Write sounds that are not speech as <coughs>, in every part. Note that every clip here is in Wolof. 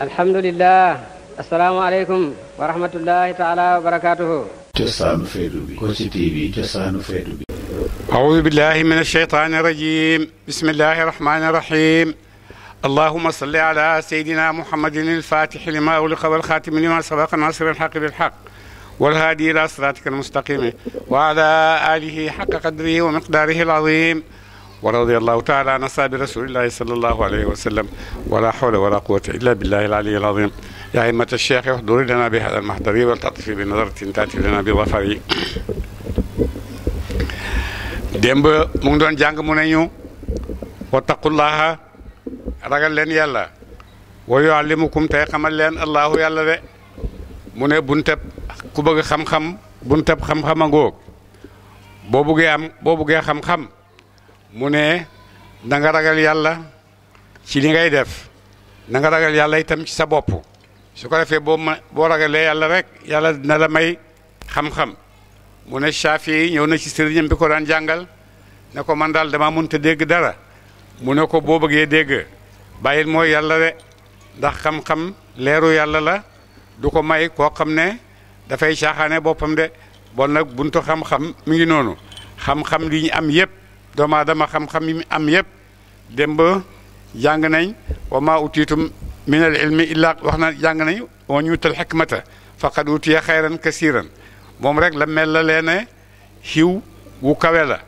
الحمد لله السلام عليكم ورحمة الله تعالى وبركاته جسان فيدوبي كوشي تيبي جسان فيدوبي أعوذ بالله من الشيطان الرجيم بسم الله الرحمن الرحيم اللهم صل على سيدنا محمد الفاتح لما أغلق والخاتم لما سبق ناصر الحق بالحق والهادي إلى صراطك المستقيم وعلى آله حق قدره ومقداره العظيم wa radiallahu taala an asaabi rasulillahi salallahu alayhi wa sallam wala hawla wala quwata illa billahi alali alazim yaa himmata cheikh waxduri lana bi hada almahdari wal tatifi bi nazaratin taati lana bi wafari démb mu ngi doon jàng mu ne ñu wa taqullaha ragal leen yàlla wa yuallimukum tey xamal leen allahu yàlla de mu ne bunteb ku bëgg xam-xam bunteb xam-xam a ngóog boo buggee am boo buggee xam-xam mu ne na nga ragal yàlla ci li ngay def nanga nga ragal yàlla itam ci sa bopp su ko defee boo ma boo ragalee yàlla rek yàlla dina la may xam-xam mu ne Shaafi ñëw na ci sëriñam bi ko daan jàngal ne ko man daal damaa mënut a dégg dara mu ne ko boo bëggee dégg bàyyil mooy yàlla de ndax xam-xam leeru yàlla la du ko may koo xam ne dafay caaxaane boppam de bon nag buntu xam-xam mi ngi noonu xam-xam li ñu am yépp doomu aadama xam-xam yi mu am yëpp dem ba jàng nañ wa maa utiitum min al ilmi illaa wax na jàng nañ wa ñuutal xikmata faqad utiya xayran kasiran moom rek la mel la leene xiw wu kawe la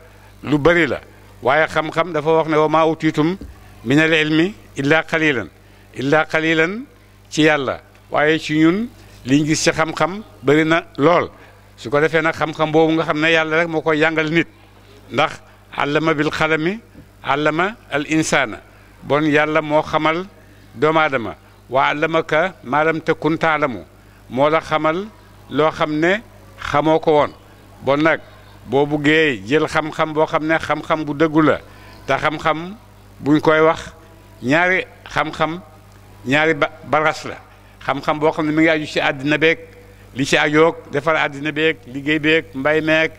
lu bëri la waaye xam-xam dafa wax ne wa maa utiitum min al ilmi illaa qalilan illaa qalilan ci yàlla waaye ci ñun liñ gis ci xam-xam bëri na lool su ko defee nag xam-xam boobu nga xam ne yàlla rek moo koy jàngal nit ndax allama bil xalami allama al insaana bon yàlla moo xamal doomu aadama waa allamaka maa lam takun taalamu moo la xamal loo xam ne xamoo ko woon bon nag boo buggee jël xam-xam boo xam ne xam-xam bu dëggu la te xam-xam buñ koy wax ñaari xam-xam ñaari baras la xam-xam boo xam ne mi ngi aju ci àddina beeg li ci ajoog defar àddina beeg liggéey beeg mbay meeg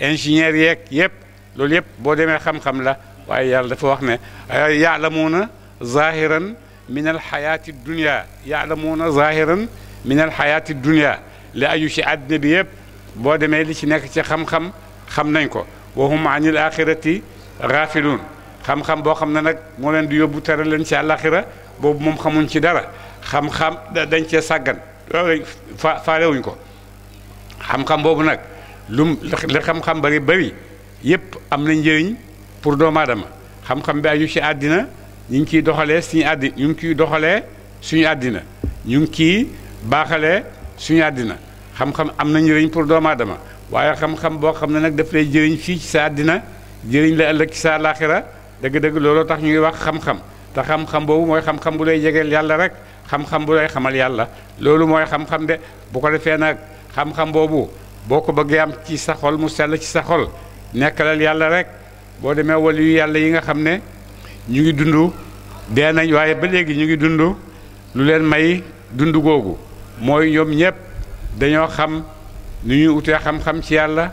ingénieur yeeg yépp loolu yëpp boo demee xam-xam la waaye yàlla dafa wax ne yaalamuuna zahiran min alxayaati dunia yaalamuuna zahiran min alxayaati dunia li aju ci àddina bi yëpp boo demee li ci nekk ci xam-xam xam nañ ko wahum anil axirati gaafiluun xam-xam boo xam ne nag moo leen di yóbbu tere leen ci àlaxira boobu moom xamuñ ci dara xam-xam dañ cee sàggan faalewuñ ko xam-xam boobu nag lum li xam-xam bari bari yépp am na njëriñ pour doomaadama aadama xam-xam bi aju ci àddina ñu ngi ciy doxalee suñu àddi ñu ngi ciy doxalee suñu àddina ñu kii baaxale suñu àddina xam-xam am na njëriñ pour doomu aadama waaye xam-xam boo xam ne nag def lay jëriñ fii ci sa àddina jëriñ la ëllëg ci sa laaxira dégg dëgg looloo tax ñu ngi wax xam-xam te xam-xam boobu mooy xam-xam bu lay jegeel yàlla rek xam-xam bu lay xamal yàlla loolu mooy xam-xam de bu ko defee nag xam-xam boobu boo ko bëggee am ci sa xol mu sell ci sa xol nekkaleel yàlla rek boo demee wali yàlla yi nga xam ne ñu ngi dund dee nañ waaye ba léegi ñu ngi dund lu leen may dund googu mooy ñoom ñëpp dañoo xam nu ñuy wutee xam-xam ci yàlla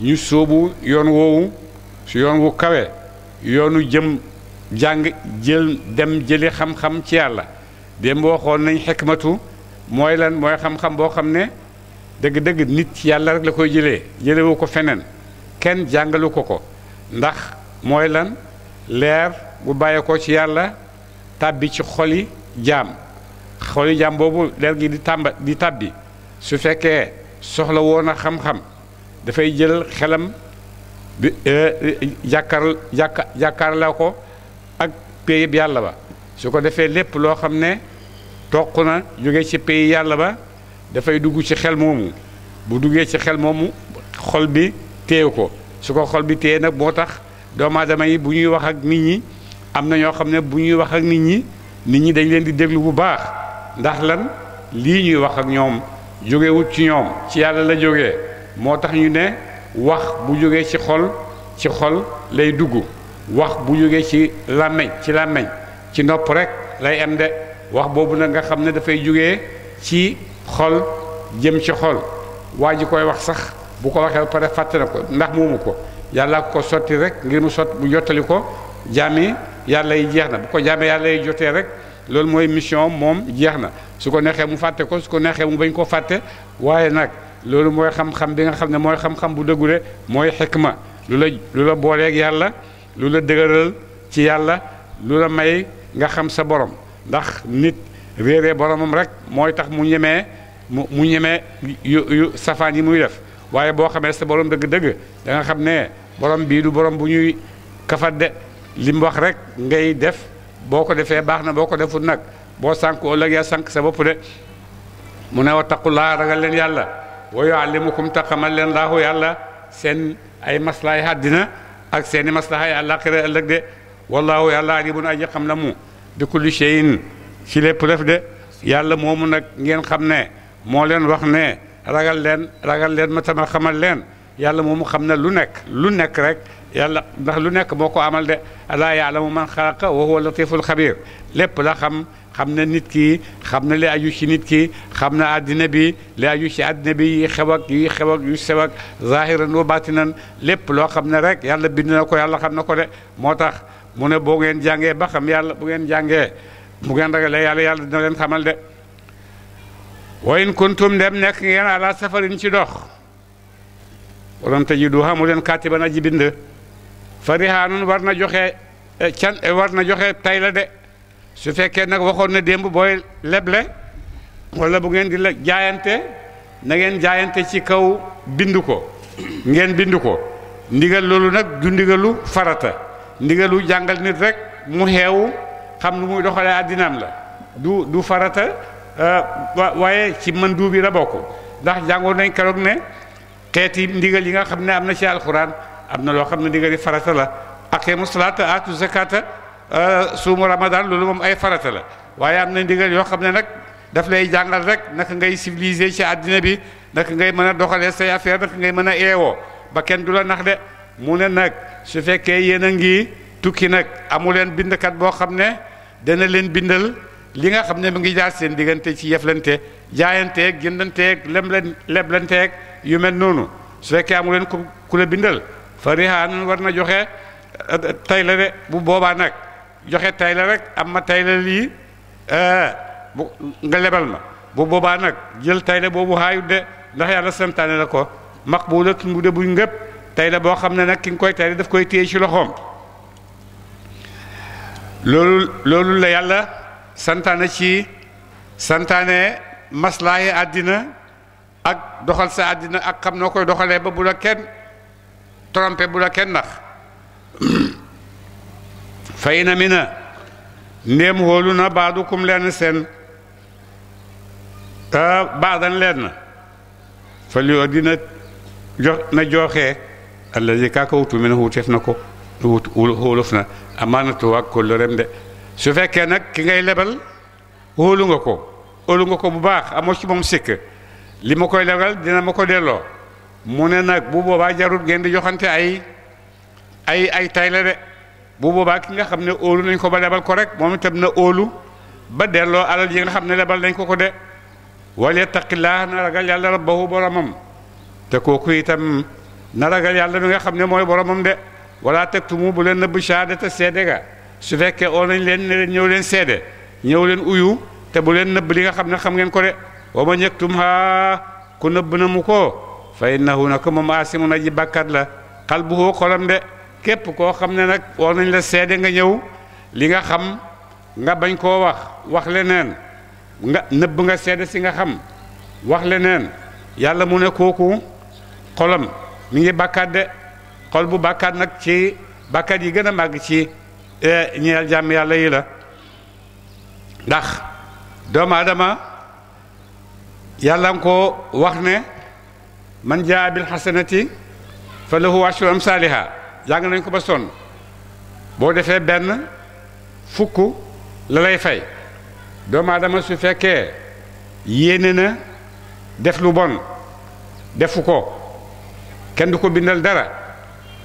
ñu sóobu yoon woowu su yoon wu kawe yoonu jëm jàng jël dem jëli xam-xam ci yàlla démb waxoon nañ xikmatu mooy lan mooy xam-xam boo xam ne dëgg-dëgg nit ci yàlla rek la koy jëlee jëlewu ko feneen kenn jàngalu ko ko ndax mooy lan leer bu bàyyeekoo ci yàlla tàbbi ci xoli jaam xoli jaam boobu leer gi di tàmba di tàbbi su fekkee soxla woon a xam-xam dafay jël xelam bi euh, jàkkaar la ko ak péyib yàlla ba su ko defee lépp loo xam ne toq na jóge ci péyi yàlla ba dafay dugg ci xel moomu bu duggee ci xel moomu xol bi téew ko su ko xol bi téye nag moo tax doomu aadama yi bu ñuy wax ak nit ñi am na ñoo xam ne bu ñuy wax ak nit ñi nit ñi dañ leen di déglu bu baax ndax lan lii ñuy wax ak ñoom jógewut ci ñoom ci yàlla la jóge moo tax ñu ne wax bu jógee ci xol ci xol lay dugg wax bu jógee ci làmmeñ ci làmmeñ ci nopp rek lay am de wax boobu nag nga xam ne dafay jógee ci xol jëm ci xol waa ji koy wax sax bu ko waxee ba pare fàtte na ko ndax moomu ko yàlla ko sotti rek ngir mu sot mu jottali ko jaami yàlla yi jeex na bu ko jaami yàlla yi jotee rek loolu mooy mission moom jeex na su ko neexee mu fàtte ko su ko neexee mu bañ koo fàtte waaye nag loolu mooy xam-xam bi nga xam ne mooy xam-xam bu dëggule mooy xikma lu la lu la booleeg yàlla lu la dëgëral ci yàlla lu la may nga xam sa borom ndax nit réeree boromam rek mooy tax mu ñemee mu mu ñemee yu yu safaan yi muy def waaye boo xamee sa borom dëgg-dëgg da xam ne borom bii du borom bu ñuy kafat de li wax rek ngay def boo ko defee baax na boo ko deful nag boo sànq ëllëg yaa sànq sa bopp de mu ne wa taqullaa ragal leen yàlla wa yuallimukum ta xamal leen laahu yàlla seen ay maslahay àddina ak seeni i maslahay àllaaxira ëllëg de wallaahu yàlla alimun aji xam la mu bi kulli shay'in ci lépp def de yàlla moomu nag ngeen xam ne moo leen wax ne ragal len ragal len ma tamal xamal len yàlla momu xamna lu nek lu nek rek yàlla ndax lu nek moko amal de alaa yaalamu man khalaqa wa huwa latiful khabir lépp la xam xamna nit ki xamna li aju ci nit ki xamna adina bi li aju ci adina bi yi xew ak yi xew ak yu sew ak zahiran wa batinan lépp lo xam rek yàlla bind nako yàlla xam nako de motax mune bo ngeen jange ba xam yàlla bu ngeen jange bu ngeen ragale yàlla yàlla dina len xamal de wa in kuntum dem nekk ngeen ala safarin ci dox walam tajidu xamu leen katiban aji bind fa war na joxe e, can e, war na joxe tay la de su fekkee nag waxoon na démb booy leble wala bu ngeen di la jaayante na ngeen jaayante ci kaw bind ko ngeen bind ko ndigal loolu nag du ndigalu farata ndigalu jàngal nit rek mu xeewu xam lu muy doxalee àddinaam la du farata Euh, waaye ci mën duub yi la bokk ndax jàngoon nañ keroog ne xeeti ndigal yi nga xam ne am na ci alxuraan am na loo xam ne ndigal yi farata la aqimu salaata aatu zakata euh, suumu ramadan loolu moom ay farata la waaye am na ndigal yoo xam ne nag daf lay jàngal rek naka ngay civilisé ci àddina bi naka ngay mën a doxalee say affaire naka ngay mën a eewoo ba kenn du la nax de mu ne nag su fekkee yéen a ngi tukki nag amu leen bindkat boo xam ne dana leen bindal li nga xam ne mu ngi jaar seen diggante ci yëflante jaayanteeg jëndanteeg leblen leblanteeg yu mel noonu su fekkee amu leen ku ku la bindal fa rihaan war na joxe eh, tay la de bu boobaa nag joxe tay la rek am ma tay la lii eh, bu nga lebal ma bu boobaa nag jël tay boobu xaayut de ndax yàlla santaane la ko maqbulatun bu de buñ ngëpp tay boo xam ne nag ki nga koy tay la daf koy téye ci loxoom loolu loolu la yàlla santaane ci santaane maslaaye àddina ak doxal sa àddina ak xam noo koy doxalee ba bu la kenn trompé bu la kenn nax fay na mi na ndéem hóolu na baadukum lenn seen baadan lenn fa li dina jox na jooxee allazi kaaka wutu mi na wuteef na ko wut wóolof na amaanatu ak kóllëreem de su fekkee nag ki ngay lebal óolu nga ko óolu nga ko bu baax amoo ci moom sikk li ma koy lebal dina ma ko delloo mu ne nag bu boobaa jarut ngeen di joxante ay ay ay tay la de bu boobaa ki nga xam ne óolu nañ ko ba lebal ko rek moom itam na óolu ba delloo alal yi nga xam ne lebal nañ ko ko de wala taqillaa na ragal yàlla rabbahu boromam te kooku itam na ragal yàlla mi nga xam ne mooy boromam de wala tegtumu bu leen nëbb shahaadata seede ga su fekkee oo nañ leen ñëw leen seede ñëw leen uyu te bu leen nëbb li nga xam ne xam ngeen ko de wa ma ñëktum haa ku nëbb na mu ko fa na ko moom na aji bàkkat la xalbuhu xolam de képp koo xam ne nag oo nañ la seede nga ñëw li nga xam nga bañ koo wax wax leneen nga nëbb nga seede si nga xam wax leneen yàlla mu ne kooku xolam mi ngi bàkkaat de xol bu bàkkaat nag ci bàkkaat yi gën a màgg ci ñeel jàmm yàlla yi la ndax doomu aadama yàlla nga ko wax ne man jaa bil xasanati fa lahu ashru amsaaliha jàng nañ ko ba sonn boo defee benn fukk la lay fay doomu aadama su fekkee yéene na def lu bon defu ko kenn du ko bindal dara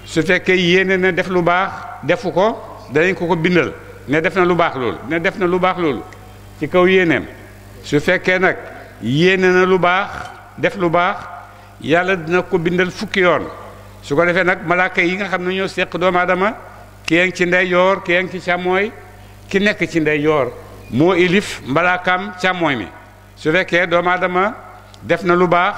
su fekkee yéene na def lu baax defu ko dañ ko ko bindal ne def na lu bax loolu ne def na lu bax loolu ci kaw yéeneem su fekke nak yene na lu bax def lu bax yàlla dina ko bindal fukki yoon su ko defé nak malaaka yi nga xamna ñoo sekk doom adama ki yeng ci yor ki yeng ci chamoy ki nek ci yor mo ilif malakam chamoy mi su fekke doom adama def na lu bax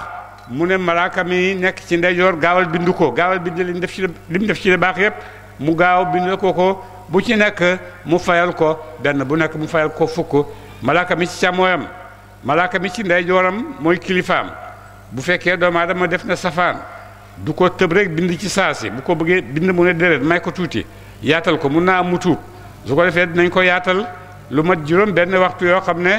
mu ne malaaka mi nek ci ndeyjoor yor gawal binduko gawal bindal li def ci li def ci lu bax yeb mu gaaw bindal ko ko bu ci nekk mu fayal ko benn bu nekk mu fayal ko fukk malaaka mi ci càmmooyam malaaka mi ci ndeyjooram mooy kilifaam bu fekkee doomaadama def na safaan du ko tëb rek bind ci saasi bu ko bëggee bind mu ne déret may ko tuuti yaatal ko mun naa am mu su ko defee dinañ ko yaatal lu mat juróom benn waxtu yoo xam ne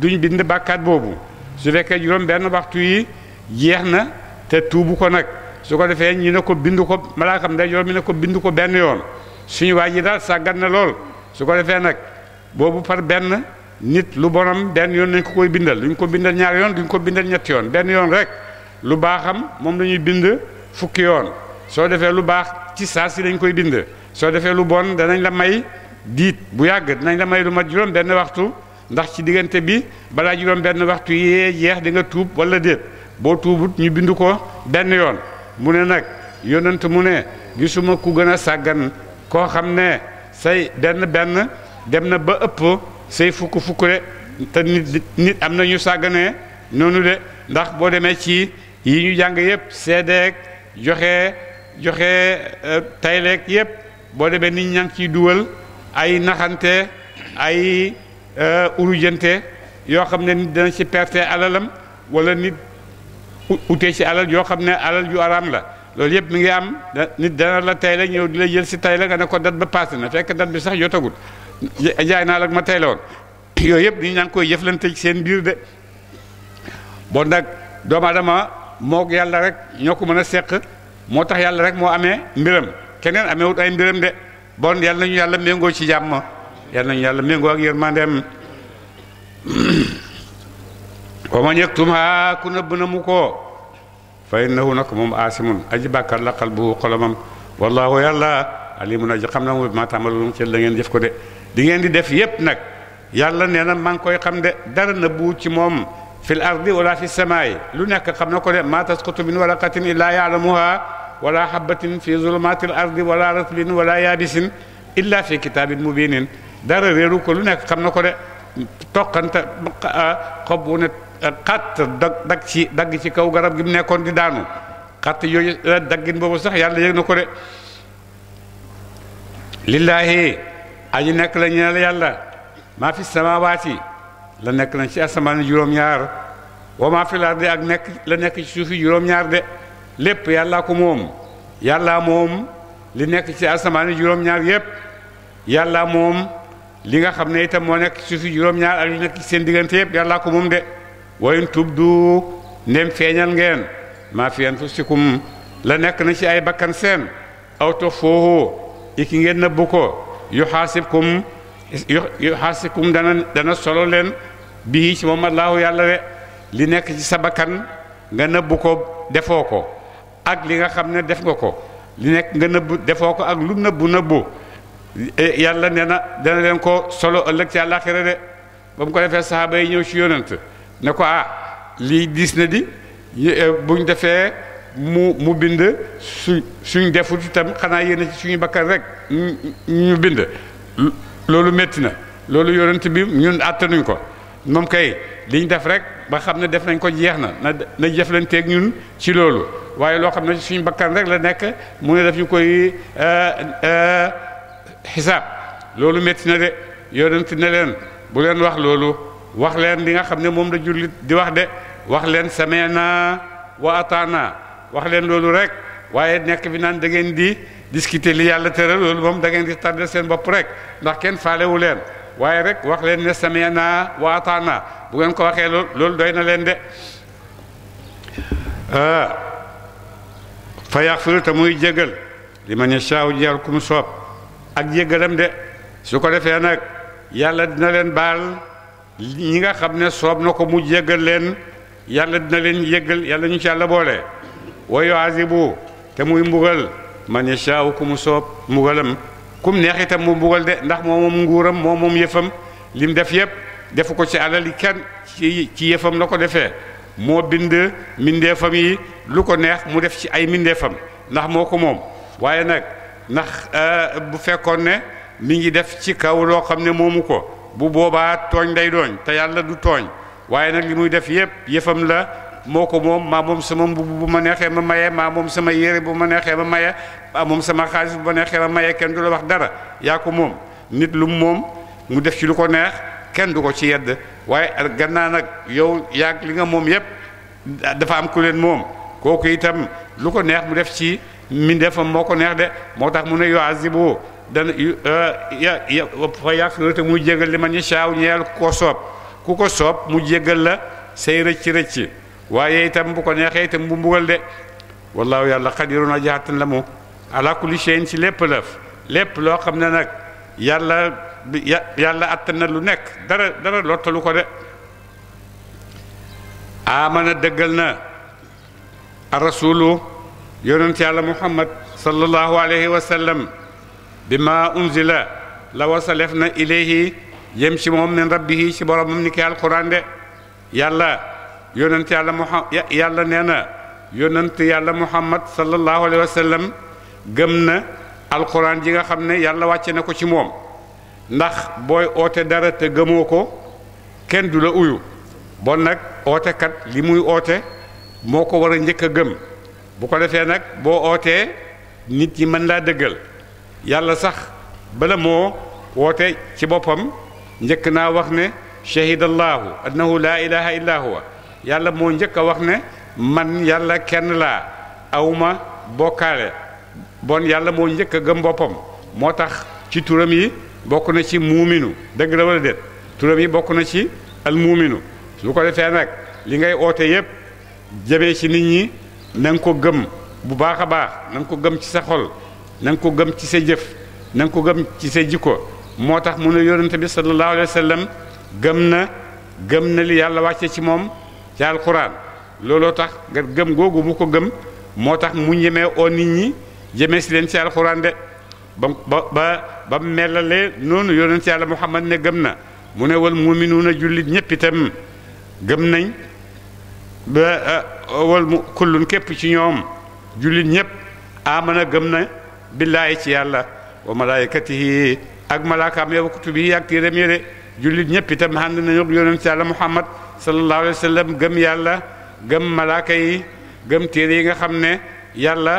duñ bind bàkkaat boobu su fekkee juróom benn waxtu yi jeex na te tuubu ko nag su ko defee ñi ne ko bind ko malaakam ndeyjoor mi ne ko bind ko benn yoon suñu waa ji daal sàggan na lool su ko defee nag boobu par benn nit lu bonam benn yoon nañ ko koy bindal duñ ko bindal ñaar yoon duñu ko bindal ñetti yoon benn yoon rek lu baaxam moom la ñuy bind fukki yoon soo defee lu baax ci saa si dañ koy bind soo defee lu bon danañ la may diit bu yàgg danañ la may lu mat juróom benn waxtu ndax ci diggante bi balaa juróom benn waxtu yee jeex di nga tuub walla déet boo tuubut ñu bind ko benn yoon mu ne nag yonent mu ne gisuma ku gën a sàggan koo xam ne say benn benn dem na ba ëpp say fukk fukk de te nit am na ñu sàgganee noonu de ndax boo demee ci yi ñu jàng yépp seedeek joxe joxe e, tayleek yépp boo demee nit ñaa ngi ciy duwal ay naxante ay e, urujante yoo xam ne nit dana ci perte alalam wala nit utee ci alal yoo xam ne alal ju araam la loolu yëpp mi ngi am nit dana la tey la ñëw di la jël si tey la nga ne ko dat ba passé na fekk dat bi sax jotagul jaay naa la ma tey la woon <clears throat> yooyu yëpp nit ñaa koy jëflante ci seen biir de bon nag doomu aadama moo yàlla rek ñoo ko mën a seq moo tax yàlla rek moo amee mbiram keneen ameewut ay mbiram de bon yàlla ñu yàlla méngoo ci jàmm yàlla nañu yàlla méngoo ak yërmandeem <clears throat> wa ma ñëg tumaa ku nëbb na mu ko fa innahu nag moom aasimun aji bàkkaar la qalbuhu xolomam wallaahu yàlla alimun aji xam na mu ma taamaluun ci la ngeen jëf ko de di ngeen di def yépp nag yàlla nee na maa ngi koy xam de dara na buu ci moom fil ardi wala fi samaay lu nekk xam na ko de ma tasqutu min waraqatin illaa yaalamuha wala habatin fi zulumatil ardi wala ratbin wala yaabisin illa fi kitaabin mubinin dara réeru ko lu nekk xam na ko de toqanta xob wu ne xatt dag dag ci dagg ci kaw garab gi mu nekkoon di daanu xatt yooyu eh, daggin boobu sax yàlla yëg na ko de lillaahi aji nekk la ñeel yàlla maa fi samaawaati la nekk na ci asamaan juróom-ñaar wa maa ak nekk la nekk ci suufi juróom-ñaar de lépp yàllaa ko moom yàllaa moom li nekk ci asamaan juróom-ñaar yépp yàllaa moom li nga xam ne itam moo nekk ci suufi juróom-ñaar ak li nekk ci seen diggante yépp yàllaa ko moom de wayin tubdu ndem feeñal ngeen maa fi anfusikum la nekk na ci ay bakkan seen aw tuxfuuhu iki ngeen nëbbu ko yuxaasibkum yuxaasibkum dana dana solo leen bii ci moom allaahu yàlla de li nekk ci sa bakkan nga nëbbu ko defoo ko ak li nga xam ne def nga ko li nekk nga nëbbu defoo ko ak lu nëbbu nëbbu eh, yàlla nee na dana leen ko solo ëllëg ci àllaaxira de ba ko defee saxaaba yi ñëw ci yonent ne ko ah lii diis na di eh, buñ defee mu mu bind su suñ defut itam xanaa yéene ci suñu bakkan rek ñu bind loolu metti na loolu yonent bi ñun àttanuñ ko moom kay liñ def rek ba xam ne def nañ ko jeex na na na jëflanteeg ñun ci loolu waaye loo xam ne suñu bakkan rek la nekk mu ne daf ñu koy eh, eh, xisaab loolu metti na de yonent ne leen bu leen wax loolu wax leen li nga xam ne moom la jullit di wax de wax leen naa wa ata'na wax leen loolu rek waaye nekk bi naan dangeen di discuter li yàlla tëral loolu moom da ngeen di tardé seen bopp rek ndax kenn faalewu leen waaye rek wax leen ne naa wa ata'na bu ngeen ko waxee loolu loolu doy na leen de ah. fa yaxfiru te muy jégal li ma ne saaw jeexal ku mu soob ak jégalam de su ko defee nag yàlla dina leen baal ñi nga xam ne soob na ko mu jéggal leen yàlla dina leen jéggal yàlla ñu ci yàlla boole wa yuazibu te muy mbugal man yashaaw ku mu soob mbugalam kum neex itam mu mbugal de ndax moo moom nguuram moo moom yëfam lim def yëpp defu ko ci alali kenn ci ci yëfam la ko defee moo bind mindeefam yi lu ko neex mu def ci ay mindeefam ndax moo ko moom waaye nag ndax bu fekkoon ne mi ngi def ci kaw loo xam ne moomu ko bu boobaa tooñ day dooñ te yàlla du tooñ waaye nag li muy def yëpp yëfam la moo ko moom maa moom sama mbubb bu ma neexee ma maye maa moom sama yére bu ma neexee ma maye maa moom sama xaalis bu ma neexee ma maye kenn du la wax dara yaa ko moom nit lu moom mu def ci lu ko neex kenn du ko ci yedd waaye gannaa nag yow yaa li nga moom yëpp dafa am ku leen moom kooku itam lu ko neex mu def ci mbindeefam moo ko neex de moo tax mu ne yow azibo dana euh, ya ya fa yàq te ko soob ku ko soob mu jégal la say rëcc rëcc waaye itam bu ko neexee itam bu mbugal de wallaahu yàlla xadirun ajaatan la mu ala kulli ci lépp lëf lépp loo xam ne nag yàlla yàlla àttana lu nekk dara dara lottalu ko de amana dëggal na ar rasulu yonent yàlla muhammad sallallahu alayhi wa bi ma unzila la wasalef na ilayhi yem ci moom min rabbihi ci boromam ni ki alquran de yàlla yonent yàlla nee na yonent yàlla muhammad sallallahu alayhi wa sallam gëm na alquran ji nga xam ne yàlla wàcce na ko ci moom ndax booy oote dara te gëmoo ko kenn du la uyu bon nag ootekat li muy oote moo ko war a njëkk a gëm bu ko defee nag boo ootee nit ñi mën laa dëggal yàlla sax bala moo woote ci boppam njëkk naa wax ne shahidallahu annahu laa ilaha illa huwa yàlla moo njëkk a wax ne man yàlla kenn laa awma bokkaale bon yàlla moo njëkk a gëm boppam moo tax ci turam yi bokk na ci muuminu dëgg la wala déet turam yi bokk na ci al muuminu su ko defee nag li ngay oote yépp jëmee ci nit ñi na ko gëm bu baax a baax na ko gëm ci sa xol na nga ko gëm ci sa jëf na ko gëm ci sa jikko moo mu ne yonente bi sallallahu alayhi wa sallam gëm na gëm na li yàlla wàcce ci moom ci alquran looloo tax gëm googu mu ko gëm moo mu ñemee oo nit ñi jëmee si leen ci alquran de ba ba ba ba melalee noonu yonent yàlla muhammad ne gëm na mu ne wal muminuuna jullit ñëpp itam gëm nañ ba eh, wal mu kullun képp ci ñoom jullit ñëpp amana gëm na billaahi ci yàlla wa malaayikatihi ak malaakaam yow kutubi bi ak téeram yére jullit ñëpp itam ànd nañu yonent yàlla muhammad sallallahu alayhi wa sallam gëm yàlla gëm malaaka yi gëm téere yi nga xam ne yàlla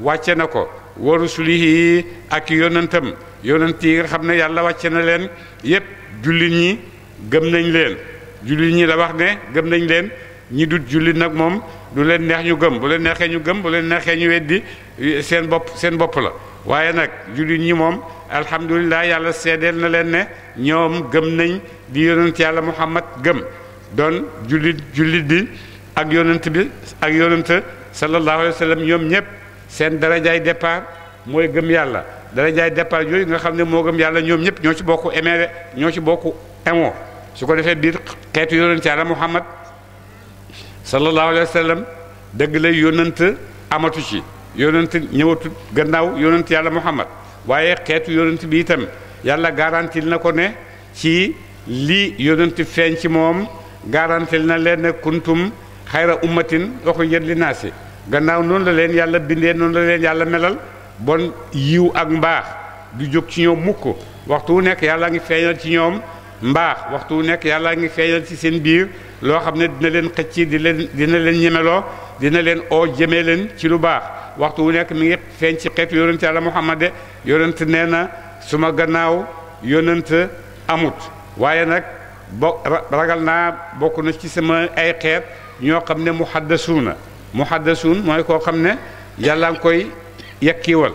wàcce na ko wa rusulihi ak yonentam yonent yi nga xam ne yàlla wàcce na leen yépp jullit ñi gëm nañ leen jullit ñi la wax ne gëm nañ leen ñi dut jullit nag moom du leen neex ñu gëm bu leen neexee ñu gëm bu leen neexee ñu weddi seen bopp seen bopp la waaye nag jullit ñi moom alhamdulilah yàlla seddeel na leen ne ñoom gëm nañ di yonent yàlla muhammad gëm doon jullit jullit bi ak yonent bi ak yonent sallallahu alayhi wa sallam ñoom ñëpp seen darajaay départ mooy gëm yàlla darajaay départ yooyu nga xam ne moo gëm yàlla ñoom ñëpp ñoo ci bokk émére ñoo ci bokk émo su ko defee biir xeetu yonent yàlla muhammad sallallahu alayhi wa sallam dëgg la yonent amatu ci yonent ñëwatu gannaaw yonent yàlla muhammad waaye xeetu yonent bi itam yàlla garantil na ko ne ci lii yonent feeñ ci moom garantil na leen ne kuntum xayra ummatin waxu ngeen li naasi gannaaw noonu la leen yàlla bindee noonu la leen yàlla melal bon yiw ak mbaax du jóg ci ñoom mukk waxtu wu nekk yàlla ngi feeñal ci ñoom mbaax waxtu wu nekk yàlla ngi feeñal ci seen biir loo xam ne dina leen xëcc di leen dina leen ñemeloo dina leen oo jëmee leen ci lu baax waxtu wu nekk mi ngi feeñ ci xeetu yonent yàlla Muhammad yonent nee na suma gannaaw yonent amut waaye nag bo ragal naa bokk na ci sama ay xeet ñoo xam ne muhaddasuuna muhaddasuun mooy koo xam ne yàlla ngi koy yekkiwal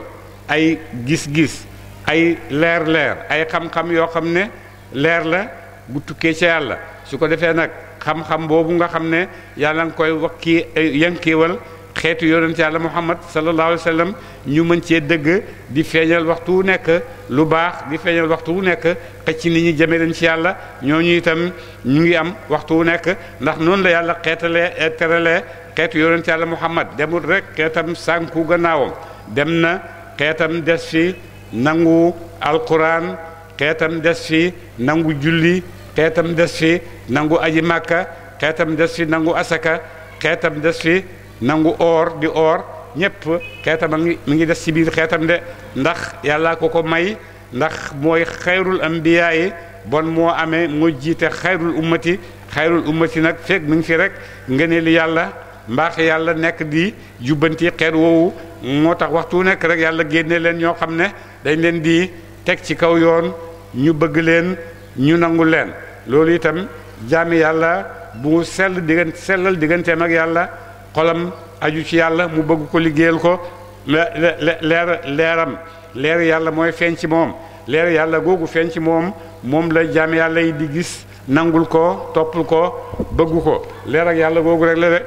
ay gis-gis ay leer leer ay xam-xam yoo xam ne leer la bu tukkee ca yàlla su ko defee nag xam-xam boobu nga xam ne yàlla nga koy wakki eh, yankiiwal xeetu yonent yàlla muhammad sallallahu alayhi wa sallam ñu mën cee dëgg di feeñal waxtu wu nekk lu baax di feeñal waxtu wu nekk xëcc nit ñi jëme leen ci yàlla ñu itam ñu ngi am waxtu wu nekk ndax noonu la yàlla xeetalee eh, teralee xeetu yonent yàlla muhammad demul rek xeetam sànku gannaawam dem na xeetam des fi nangu alquran xeetam des fi nangu julli xeetam des fi nangu aji màkka xeetam des fi nangu asaka xeetam des fi nangu oor di oor ñépp xeetam a ngi des ci biir xeetam de ndax yàllaa ko ko may ndax mooy xayrul ambiyaa yi bon moo amee moo jiite xayrul ummati xayrul ummati nag fekk mi ngi fi rek ngëneelu yàlla mbaaxe yàlla nekk di jubbanti xeet woowu moo tax waxtu nekk rek yàlla génne leen ñoo xam ne dañ leen di teg ci kaw yoon ñu bëgg leen ñu nangu leen loolu itam jaami yàlla bu sell diggan sellal digganteem ak yàlla xolam aju ci yàlla mu bëgg ko liggéeyal ko leer leeram leer yàlla mooy feeñ ci moom leer yàlla googu feeñ ci moom moom lay jaam yàlla yi di gis nangul ko toppul ko bëggu ko leer ak yàlla googu rek la de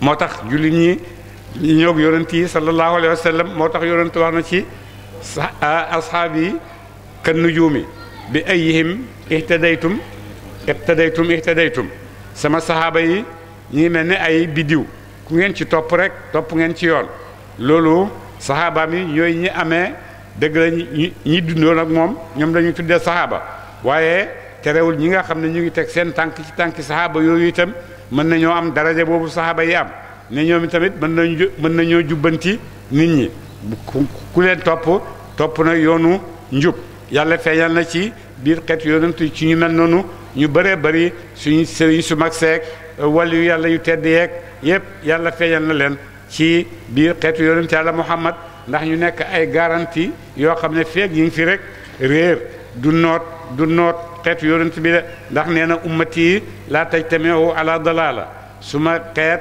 moo tax jullit ñi ñoog yonent yi sallallahu alayhi wa sallam moo tax yonent wax na ci asxaab yi kan nujuumi bi ay ayihim ihtadaytum iqtadaytum ihtadaytum sama saxaaba yi ñi mel ni ay bidiw ku ngeen ci topp rek topp ngeen ci yoon loolu saxaabaam yi ñooy ñi amee dëgg la ñi ñi dundoon ak moom ñoom la ñu tuddee saxaaba waaye terewul ñi nga xam ne ñu ngi teg seen tànk ci tànki saxaaba yooyu itam mën nañoo am daraja boobu saxaaba yi am ne ñoom tamit mën nañu mën nañoo jubbanti nit ñi ku leen topp topp na yoonu njub yàlla feeñal na ci biir xet yonent ci ñu mel noonu ñu bëree bëri suñu sëriñ su mag seek euh, wàll yu yàlla yu tedd yeeg yépp yàlla feeñal na leen ci biir xeetu yonent yàlla muhammad ndax ñu nekk ay garantie yoo xam ne yi ngi fi rek réer du noot du noot xeetu yonent bi ndax nee ummati yi laa taj tamewu ala dalaala su ma xeet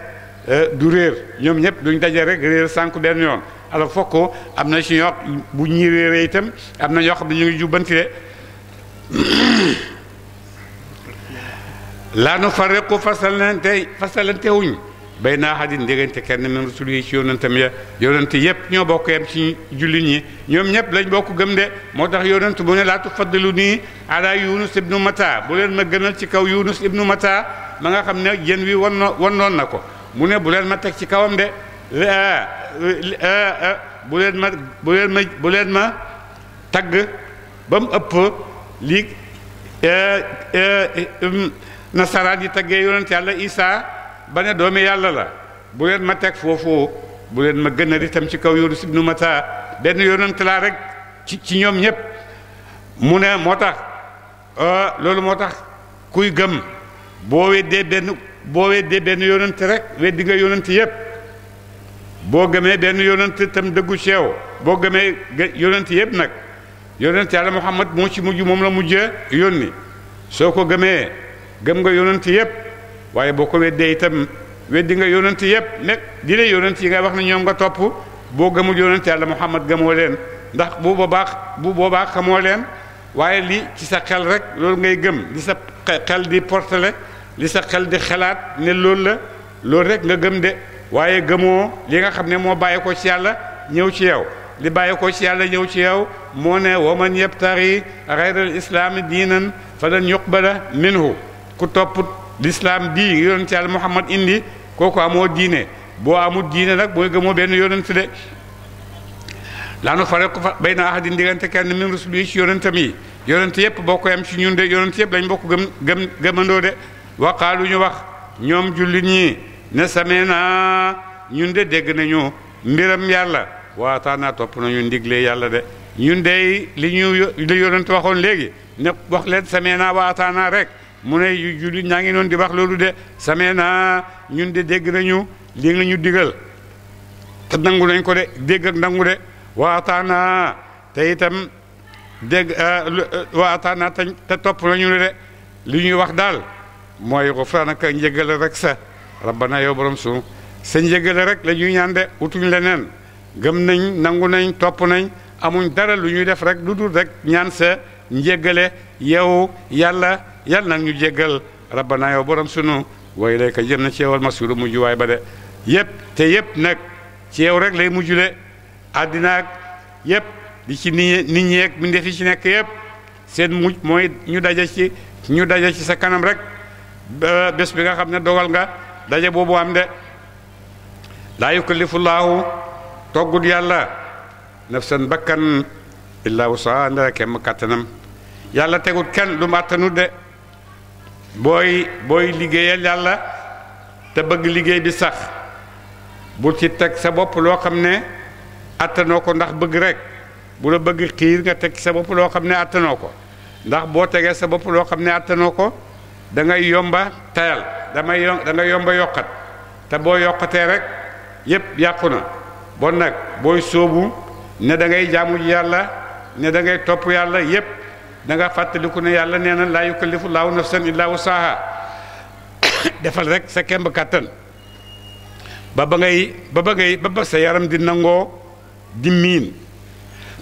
euh, du réer ñoom ñëpp duñ daje rek réer sànku benn yoon alors foog am na si ñoo bu ñëwee itam am na ñoo xam ne ñu ngi jubbanti de <coughs> laa nu farriqu fasalante fasalante wuñ bay naa xadin diggante kenn min rasul yi ci yonentam ya yonent yëpp ñoo bokk yem ci jullit ñi ñoom ñëpp lañ bokk gëm de moo tax yonent bu ne laa tufaddilu nii ala yunus ibnu mata bu leen ma gënal ci kaw yunus ibnu mata ma nga xam ne jën wi wanno wannoon na ko mu ne bu leen ma teg ci kawam de la bu leen ma bu leen ma bu leen ma tagg ba mu ëpp lii nasaraan yi taggee yonent yàlla Isaa ba ne doomi yàlla la bu leen ma teg foofu bu leen ma gën a itam ci kaw Yunus ibnu Matta benn yonent laa rek ci ci ñoom ñëpp mu ne moo tax loolu moo kuy gëm boo weddee benn boo weddee benn yonent rek weddi nga yonent yëpp boo gëmee denn yonent itam dëggu ci yow boo gëmee yonent yëpp nag yonent yàlla muhammad moo ci mujj moom la mujjee yónni soo ko gëmee gëm nga yonent yëpp waaye boo ko weddee itam weddi nga yonent yëpp nekk di leen yonent yi ngay wax ne ñoom nga topp boo gëmul yonent yàlla muhammad gëmoo leen ndax bu boobaa bu boobaa xamoo leen waaye li ci sa xel rek loolu ngay gëm li sa xel di portale li sa xel di xalaat ne loolu la loolu rek nga gëm de waaye gëmoo li nga xam ne moo bàyyi ko ci yàlla ñëw ci yow li bàyyi ko ci yàlla ñëw ci yow moo ne waman yabtari xayral islaami diinan falan yuqbala minhu ku topp lislaam bii yonent yàlla muhammad indi kooku amoo diine boo amut diine nag booy gëmoo benn yonent de laanu fare ko fa bay na ahadin diggante kenn min rusul yi ci yonentam yi yonent yëpp boo ko am ci ñun de yonent yëpp lañ bokk gëm gëm gëmandoo de waqaalu ñu wax ñoom jullit ñi ne samee naa ñun de dégg nañu mbiram yàlla waataanaa topp nañu ndigle yàlla de ñun de li ñu li yonent waxoon léegi wax leen samee naa waataanaa rek mu ne yu ñaa ngi noon di wax loolu de samee naa ñun de dégg nañu li nga ñu digal te nangu nañ ko de dégg ak nangu de waataanaa te itam dégg euh, euh, waataanaa te topp nañu de li ñuy wax daal mooy xufraan ak njëgal rek sa rabbana yow borom suuf sa njëgale rek la ñuy ñaan de utuñ leneen gëm nañ nangu nañ topp nañ amuñ dara lu ñuy def rek lu dul rekk ñaan sa njéggale yow yàlla yal nag ñu jéggal rabbana yow borom sunu way lay ka jëm na ci yowal masuru mujj waay ba te yépp nag ci yow rek lay mujj le àddinaak yépp di ci nit nit ñi ak mbindeef yi ci nekk yépp seen muj mooy ñu daje ci ñu daje ci sa kanam rek bés bi nga xam ne dogal nga daje boobu am de laa yukallifu laahu toggut yàlla nafsan bakkan illaa wusaa ndara kemm kàttanam yàlla tegut kenn lu mu de booy booy liggéeyal yàlla te bëgg liggéey bi sax bu ci teg sa bopp loo xam ne àttanoo ko ndax bëgg rek bu la bëgg xiir nga teg sa bopp loo xam ne àttanoo ko ndax boo tegee sa bopp loo xam ne àttanoo ko dangay yomba tayal damay da nga yomba yokkat te boo yokkatee rek yépp yàqu na bon nag booy sóobu ne dangay ngay jaamu ji yàlla ne da ngay topp yàlla yépp danga fàttaliku ne yàlla nee na laa yukallifu laahu nafsan illaa wusaaha <coughs> defal rekk sa kemb kàttan ba ba ngay ba ba sa yaram di nangoo di miin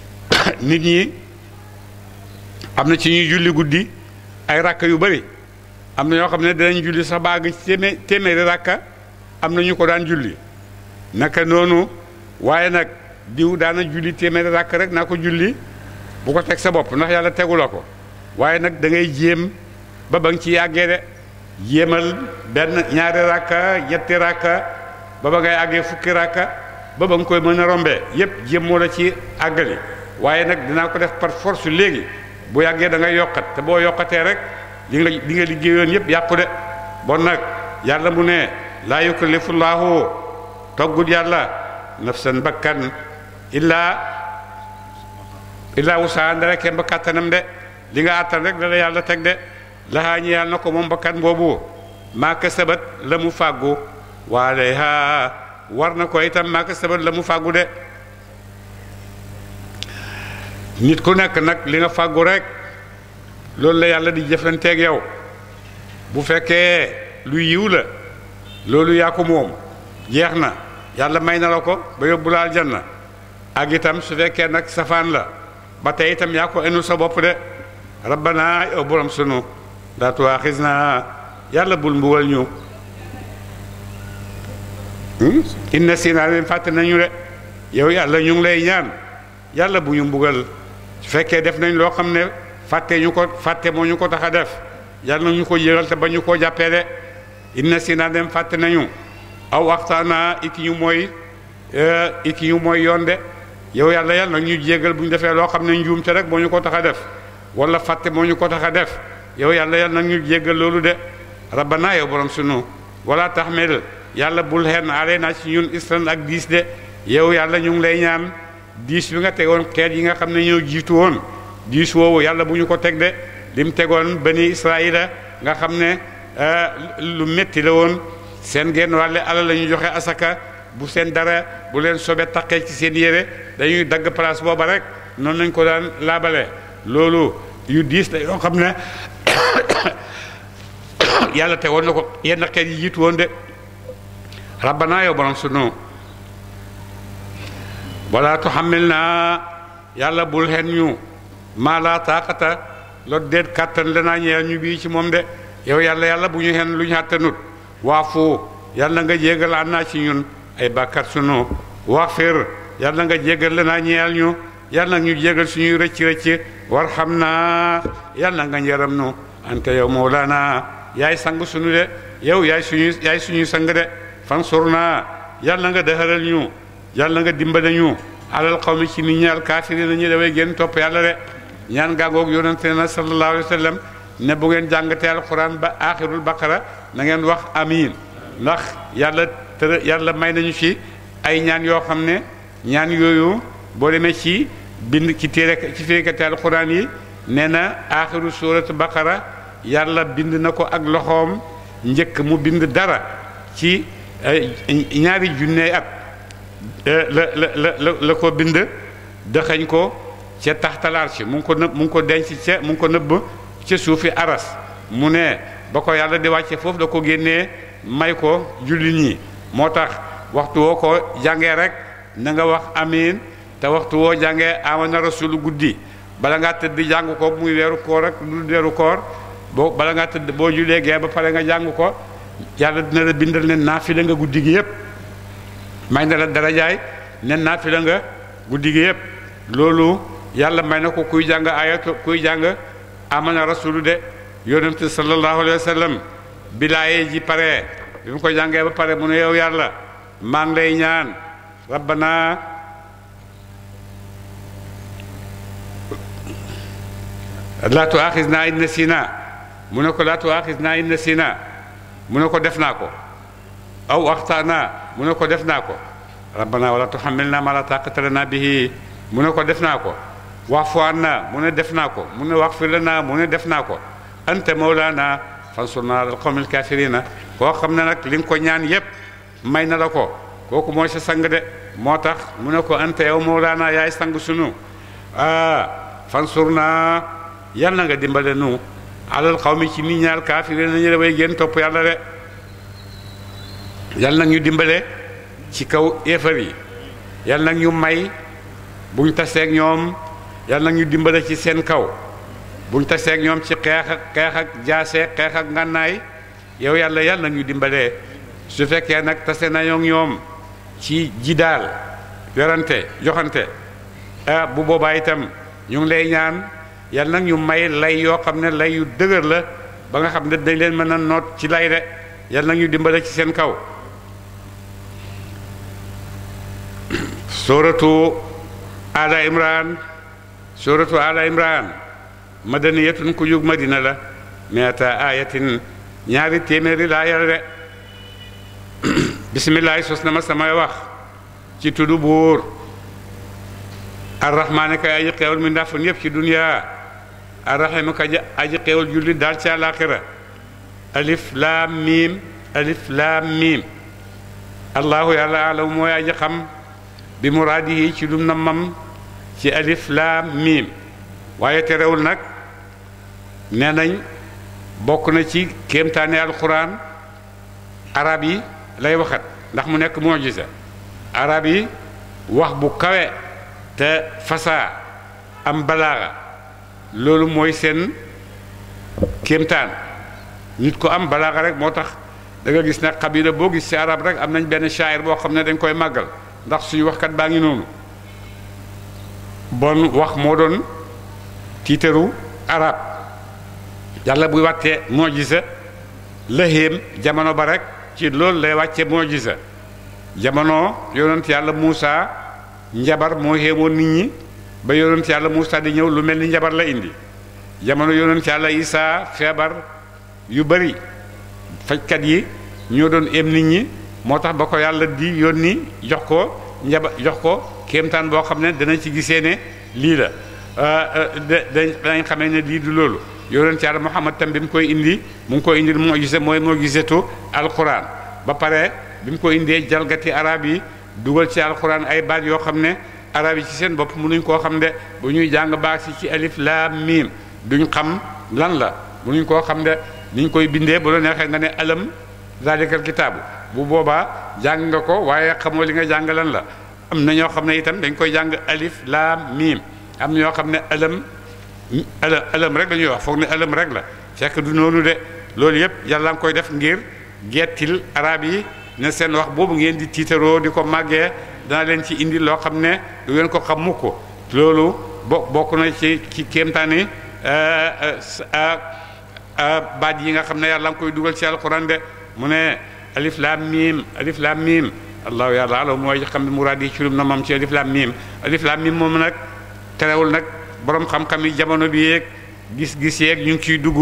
<coughs> nit ñi am na ci ñuy julli guddi ay ràkk yu bari am na ñoo xam ne danañ julli sax baag téemé téeméeri rakka am na ñu ko daan julli naka noonu waaye nag diw daana julli téeméeri rakk rek naa ko julli bu ko teg sa bopp ndax yàlla tegu ko waaye nag da ngay jéem ba ba nga ci yàggee de jéemal benn ñaari rakka ñetti rakka ba ba ngay àggee fukki rakka ba ba nga koy mën a rombee yépp jéem moo la ci àggali waaye nag dinaa ko def par fors léegi bu yàggee da ngay yokkat te boo yokkatee rek li nga li nga liggéeyoon yëpp yàqu de bon nag yàlla mu ne laa yukallifu llaahu toggul yàlla nafsan bakkan illaa illaa wusaa ndara kem ba kàttanam de li nga àttan rek dala yàlla teg de lahaa yàlla na ko moom mbakkan boobu maa kasabat la mu fàggu wa alayha war na ko itam maa kasabat la mu fàggu de nit ku nekk nag li nga fàggu rek loolu la yàlla di jëflanteeg yow bu fekkee lu yiw la loolu yaa ko moom jeex na yàlla may na la ko ba yóbbu la aljanna ak itam su fekkee nag safaan la ba tey itam yaa ko enu sa bopp de rabbana yow borom sunu daa tuwaaxis naa yàlla bul mbugal ñu hmm? inna sinaa leen fàtte nañu de yow yàlla ñu ngi lay ñaan yàlla bu ñu mbugal su fekkee def nañ loo xam ne fàtte ñu ko fàtte mo ñu ko tax def yalla na ñu ko yëgal te bañu ko jappé de inna sina dem fàtte nañu aw waxtana iki ñu moy euh iki ñu moy yonde yow yàlla yal na ñu jéggal buñu défé lo xamné ñuum ci rek moo ñu ko tax def wala fàtte mo ñu ko tax def yow yàlla yal na ñu jéggal lolu de rabbana yow borom sunu wala tahmil yàlla bul hen alee ci ñun isran ak diis de yow yàlla ñu ngi lay ñaan diis bi nga téwon xeet yi nga xamné ñoo jitu won diis woowu yàlla bu ñu ko teg de lim tegoon bani israila nga xam ne euh, lu métti la woon seen genn wàll alal la joxe asaka bu seen dara bu leen sobe taqee ci seen yére dañuy dagg place booba rek noonu lañ ko daan laabale loolu yu diis la yoo xam ne <coughs> yàlla tegoon na ko yenn xeet yi jiitu woon de rabbana yow borom sunu wala tuhammilna yàlla bul xen ñu maa laa taaqata lot déet kàttan lanaa ñëwee ñu bii ci moom de yow yàlla yàlla bu ñu xen lu ñu àttanut waafu yàlla nga jégal an naa ci ñun ay bàkkat sunu waxfir yàlla nga jégal lanaa ñeyal ñu yàlla nga ñu jégal suñuy rëcc-rëcc warxam naa yàlla nga njëram nu ante yow mawlaana yaay sang sunu de yow yaay su yaay suñuy sang de fansur naa yàlla nga dëxëral ñu yàlla nga dimbale ñu alal xaw mi ci nit ñi al kaafiri na ñu daway génn topp yàlla de Yan gàngoog yonente na sallallahu alayhi wa sallam ne bu ngeen jàngatee alxuraan ba aaxirul baqara na ngeen wax amiin ndax yàlla tër may nañu ci ay ñaan yoo xam ne ñaan yooyu boo demee ci bind ci téere ci firikati alxuraan yi nee na aaxiru suuratu baqara yàlla bind na ak loxoom njëkk mu bind dara ci ñaari junne at eh, la la la la ko bind dëxañ ko ca taxtal arsh mu ngi ko nëb mu ngi ko denc ca mu ngi ko nëbb ca suufi aras mu ne ba ko yàlla di wàcce foofu da ko génnee may ko julli nii moo tax waxtu woo ko jàngee rek na nga wax amiin te waxtu woo jàngee amana rasul guddi bala ngaa tëdd jàng ko muy weeru koor rek lu weeru koor boo bala ngaa tëdd boo julee gee ba pare nga jàng ko yàlla dina la bindal ne naafila nga guddi gi yépp may na la jaay ne naafila nga guddi gi yépp loolu yàlla may na ko kuy jàng ayatu kuy jàng amana rasulu de yonent sallallahu alayhi wa sallam ji pare bi mu ko jàngee ba pare mu ne yow yàlla maa ngi lay ñaan rabbana laa tuaaxisnaa in nasiinaa mu ne ko laa tuaaxisnaa in nasiinaa mu ne ko def naa ko aw axtaanaa mu ne ko def naa ko rabbana wala tuxamilnaa maa laa taaqata lanaa bihi mu ne ko def naa ko wax fu an naa mu ne def naa ko mu ne wax fi la naa mu ne def naa ko anta mawlaana fansurna alal qawmil kaafiriina koo xam ne nag li nga ko ñaan yépp may na la ko kooku mooy sa sang de moo tax mu ne ko anta yow mawlaana yaay sang sunu ah fansurna yal na nga dimbale nu alal qawmi ci nit ñaal kaafiriina ñu way génn topp yàlla de yal nag ñu dimbale ci kaw éefar yi yal nag ñu may buñ taseeg ñoom yàlla na ñu dimbale ci seen kaw buñ taseeg ñoom ci xeex ak xeex ak jaase xeex ak ngànnaay yow yàlla yàlla na ñu dimbalee su fekkee nag tase nañoo ñoom ci ji daal werante joxante ah bu boobaa itam ñu ngi lay ñaan yàlla nag ñu may lay yoo xam ne lay yu dëgër la ba nga xam ne dañ leen mën a noot ci lay de yàlla nag ñu dimbale ci seen kaw sóoratu <coughs> Aala Imran سورة آل عمران مدنية كيوب مدينة لا مئة آية نياري تيمير لا يرى بسم الله سوسنا ما سما يوخ كي تدبور الرحمن كي قول من دفن يبكي دنيا الرحمن كي أي قول يولي دارتا الآخرة ألف لام ميم ألف لام ميم الله يعلم ويعلم بمراده كي دمنا مم ci alif laam miim waaye terewul nak nee nañ bokk na ci kemtane alquran arab yi lay waxat ndax mu nek mujisa arab yi wax bu kawe te fasa am balaga loolu moy sen kemtane nit ko am balaga rek motax da nga gis nak xabila bo gis ci arab rek am nañ ben shaayir bo xamne dañ koy magal ndax suñu waxkat baa ngi noonu bon wax moo doon tiitaru arab yàlla buy wàcce moo gisa lëhéem jamono ba rek ci loolu lay wàcce moo gisa jamono yonent yàlla Muusa njabar moo xéemoon nit ñi ba yonent yàlla Muusa di ñëw lu mel ni njabar la indi jamono yonent yàlla Isaa feebar yu bari fajkat yi ñoo doon éem nit ñi moo tax ba ko yàlla di yónni jox ko njaba jox ko kéemtaan boo xam ne danañ ci gisee ne lii la euh, euh, dañ danañ xamee ne lii du loolu yonent Yàlla Muhammad tam bi koy indi mu ngi koy indil moo gise mooy moo gisetu alquran ba pare bi mu koy indee jalgati arab yi dugal ci alquran ay baat yoo xam ne arab yi ci seen bopp mënuñ xam de bu ñuy jàng baax si ci alif lam mim, duñ xam lan la mënuñ koo xam de niñ koy bindee bu la neexee nga ne alam zalikal kitaabu bu boobaa jàng nga ko waaye xamoo li nga jàng lan la am na ñoo xam ne itam dañ koy jàng alif laam miim am na ñoo xam ne alam alam alam rek la wax foog ne alam rek la fekk du noonu de loolu yëpp yàlla nga koy def ngir gettil arab yi ne seen wax boobu ngeen di tiitaroo di ko màggee dana leen ci indi loo xam ne du ngeen ko xam mukk loolu bo bokk na ci ci kéemtaani euh, euh, euh, baat yi nga xam ne yàlla nga koy dugal ci alquran de mu ne alif laam miim alif laam miim allahu yàlla alam mooy xam muraad yi ci lum na moom ci alif laam miim alif laam miim moom nag terewul nag boroom xam-xam yi jamono bi yeeg gis-gis yeeg ñu ngi ciy dugg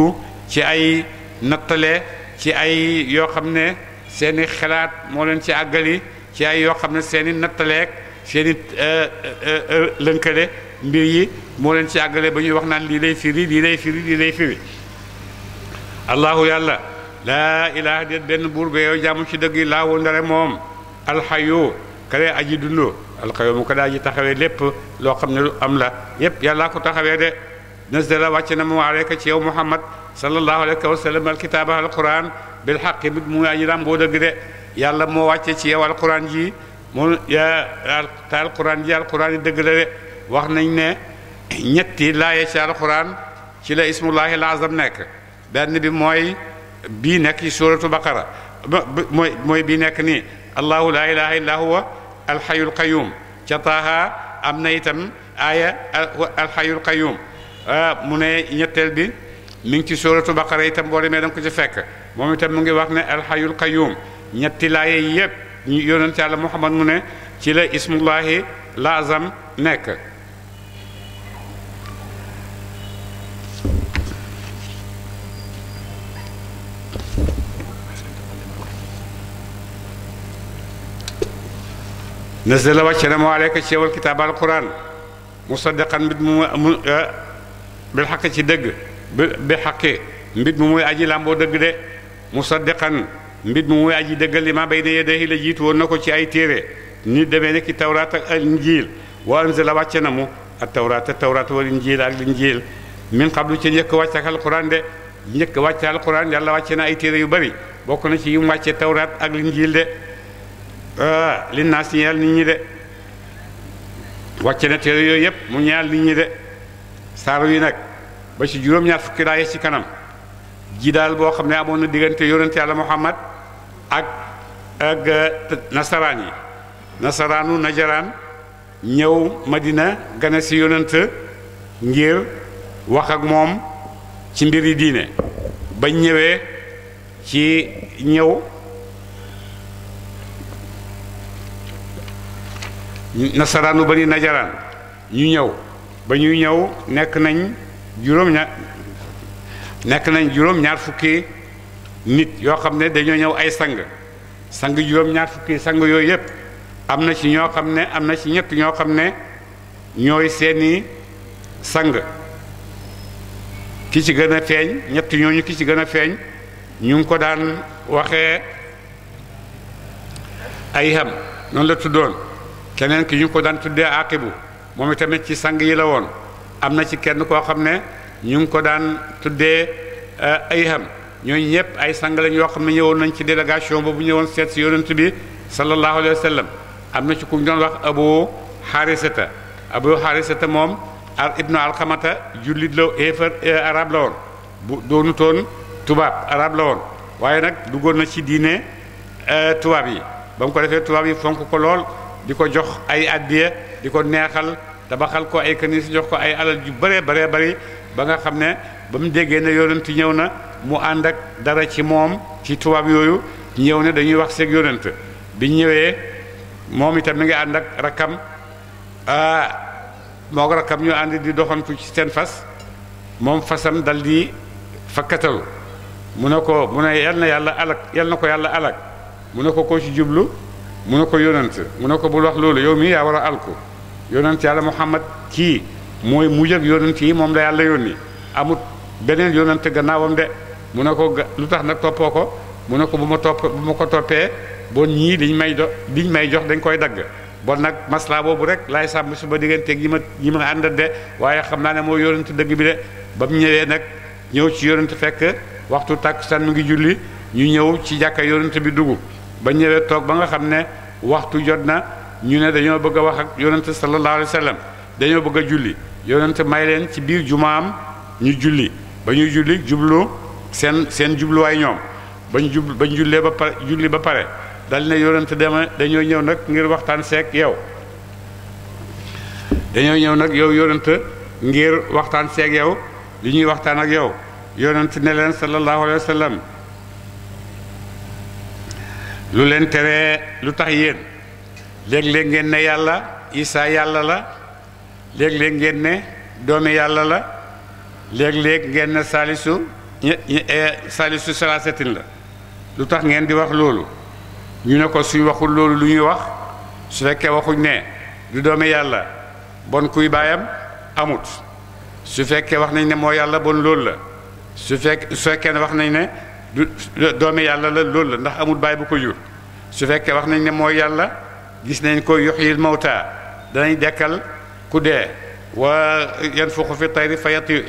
ci ay nattale ci ay yoo xam ne seeni i xalaat moo leen ci àggali ci ay yoo xam ne seen i nattaleeg seen i euh, euh, euh, lënkale mbir yi moo leen ci àggale ba ñuy wax naan lii lay firi lii lay firi lii lay firi allahu yàlla laa ilaha déet benn buur ba yow jaamu ci dëgg yi laa woon moom alxayu kale aji dund alqayumu ko daa ji taxawee lépp loo xam ne lu am la yépp yàllaa ko taxawee de nasdala wàcc na mu aleyka ci yow muhammad sallallahu alayhi wa sallam alkitaaba alquran bil xaqi bi mu aji ràmboo dëgg de yàlla moo wàcce ci yow alquran ji moom te alquran ji alquran yi dëgg la de wax nañ ne ñetti laaye ci alquran ci la ismullahi alazam nekk benn bi mooy bii nekk ci suratu baqara mooy mooy bii nekk nii الله لا اله الا هو الحي القيوم جطاها امنا يتم ايه الحي القيوم من نيتل بي من تي سوره البقره يتم بولي ميدام كو فك موم يتم مونغي واخني الحي القيوم نيت لاي ييب يونس الله محمد من تي لا اسم الله لازم نك نزل وجهنا عليك الشيء والكتاب القرآن مصدقا آه، بالحق شي دق بحقي مبيد اجي لامبو دق مصدقا مبيد مموي اجي دق اللي بين يديه لجيت ونكو شي اي تيري ني دمينك التوراة الانجيل وانزل وجهنا مو التوراة التوراة والانجيل الانجيل من قبل شي يكو وجهك القرآن دي يكو وجهك القرآن يالله وجهنا اي تيري يبري بوكنا شي يوم وجه التوراة الانجيل دي Ah, li naas ñeel nit ñi de wàcc na téere yooyu yëpp mu ñeel nit ñi de saaru yi nag ba ci juróom-ñaar fukki daay ci kanam ji daal boo xam ne amoon na diggante yonent yàlla muhammad ak ak eh, nasaraan yi nasaraanu najaraan ñëw madina gane ci yonent ngir wax ak moom ci mbir yi diine bañ ñëwee ci ñëw nasaraanu bani najaraan ñu ñëw ba ñuy ñaw nekk nañ juróom ña nekk nañ juróom ñaar fukki nit yoo xam ne dañoo ñëw ay sang sang juróom ñaar fukki sang yooyu yépp am na ci ñoo xam ne am na ci ñett ñoo xam ne ñooy seeni sang ki ci gën a feeñ ñett ñooñu ki ci gën a feeñ ñu ngi ko daan waxe ay xam noonu la tuddoon keneen ki ñu ko daan tuddee aqibu moom itamit ci sang yi la woon am na ci kenn koo xam ne ñu ngi ko daan tuddee euh, ayham ñooñu ñëpp ay sang lañ yoo xam ne ñëwoon nañ ci délégation boobu ñëwoon seet si yonent bi sallallahu alayhi wa am na ci ku ñu doon wax abu xaarisata abu xaarisata moom al ibnu alxamata jullit la éefar euh, arab la woon bu doonutoon tubaab arab la woon waaye nag duggoon na ci diine euh, tubaab yi ba mu ko defee tubaab yi fonk ko lool di ko jox ay addiya di ko neexal tabaxal ko ay kanisa jox ko ay alal ju bëree bëree bari ba nga xam ne ba mu déggee ne yonent ñëw na mu ànd ak dara ci moom ci tubaab yooyu ñëw ne dañuy wax seeg yonent bi ñëwee moom itam mi ngi ànd ak rakkam ah moo ko rakkam ñu ànd di doxantu ci seen fas moom fasam dal di fakkatalu mu ne ko mu ne yal na yàlla alak yal na ko yàlla alak mu ne ko koo ci jublu mu ne ko yonent mu ne ko bul wax loolu yow mii yaa war a alku yonent yàlla muhammad kii mooy mu ak yonent yi moom la yàlla yónni amut beneen yonent gannaawam de mu ne ko lu tax nag toppoo ko mu ne ko bu ma topp bu ma ko toppee bon ñii liñ may do liñ may jox dañ koy dagg bon nag maslaa boobu rek laay sàmm su ma digganteeg yi ma ñi ma àndal de waaye xam naa ne moo yonent dëgg bi de ba mu ñëwee nag ñëw ci yonent fekk waxtu tàkkusaan mu ngi julli ñu ñëw ci jàkka yonent bi dugg ba ñëwee toog ba nga xam ne waxtu jot na ñu ne dañoo bëgg a wax ak yonente sallallahu alayhi wa sallam dañoo bëgg a julli yonente may leen ci biir jumaam ñu julli ba ñuy julli jublu seen seen jubluwaay ñoom bañ jub bañ jullee ba pare julli ba pare dal ne yonente dama dañoo ñëw nag ngir waxtaan seeg yow dañoo ñëw nag yow yonente ngir waxtaan seeg yow li ñuy waxtaan ak yow yonente ne leen sallallahu alayhi wa sallam lu leen teree lu tax yéen léeg-léeg ngeen ne yalla, isaa yàlla la léeg-léeg ngeen ne doomi yàlla la léeg-léeg ngeen ne saalisu salisu e, salaasatin la lu tax ngeen di wax loolu ñu ne ko suñ waxul loolu lu ñuy wax su fekkee waxuñ ne du doomi yàlla bon kuy baayam amut su fekkee wax nañ ne moo yàlla bon loolu la su fekk su fekkee wax nañ ne doomi yàlla la loolu la ndax amul baay bu ko yur su fekkee wax nañ ne mooy yàlla gis nañ ko yuxyil mawta danañ dekkal ku dee wa yan fi tayri fa yatir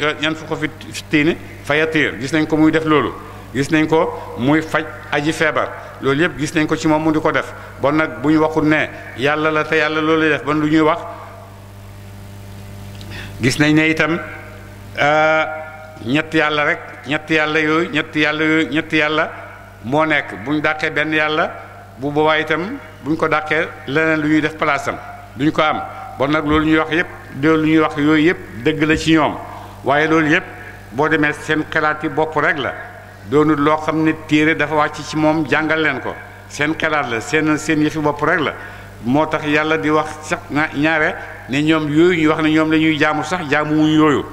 fi tiini fa yatir gis nañ ko muy def loolu gis nañ ko muy faj aji feebar loolu yëpp gis nañ ko ci moom mu di ko def bon nag bu ñu waxul ne yàlla la te yàlla loolu def bon lu ñuy wax gis nañ ne itam ñett yàlla rek ñett yàlla yooyu ñett yàlla yooyu ñett yàlla moo nekk bu ñu dàqee benn yàlla bu boobaa itam bu ñu ko dàqee leneen lu ñuy def palaasam duñ ko am bon nag loolu ñuy wax yëpp lu ñuy wax yooyu yëpp dëgg la ci ñoom waaye loolu yëpp boo demee seen xelaat yi bopp rek la doonul loo xam ne téere dafa wàcc ci moom jàngal leen ko seen xelaat la seen seen yëfi bopp rek la moo tax yàlla di wax sax ñaare ne ñoom yooyu wax ne ñoom la ñuy jaamu sax jaamu yooyu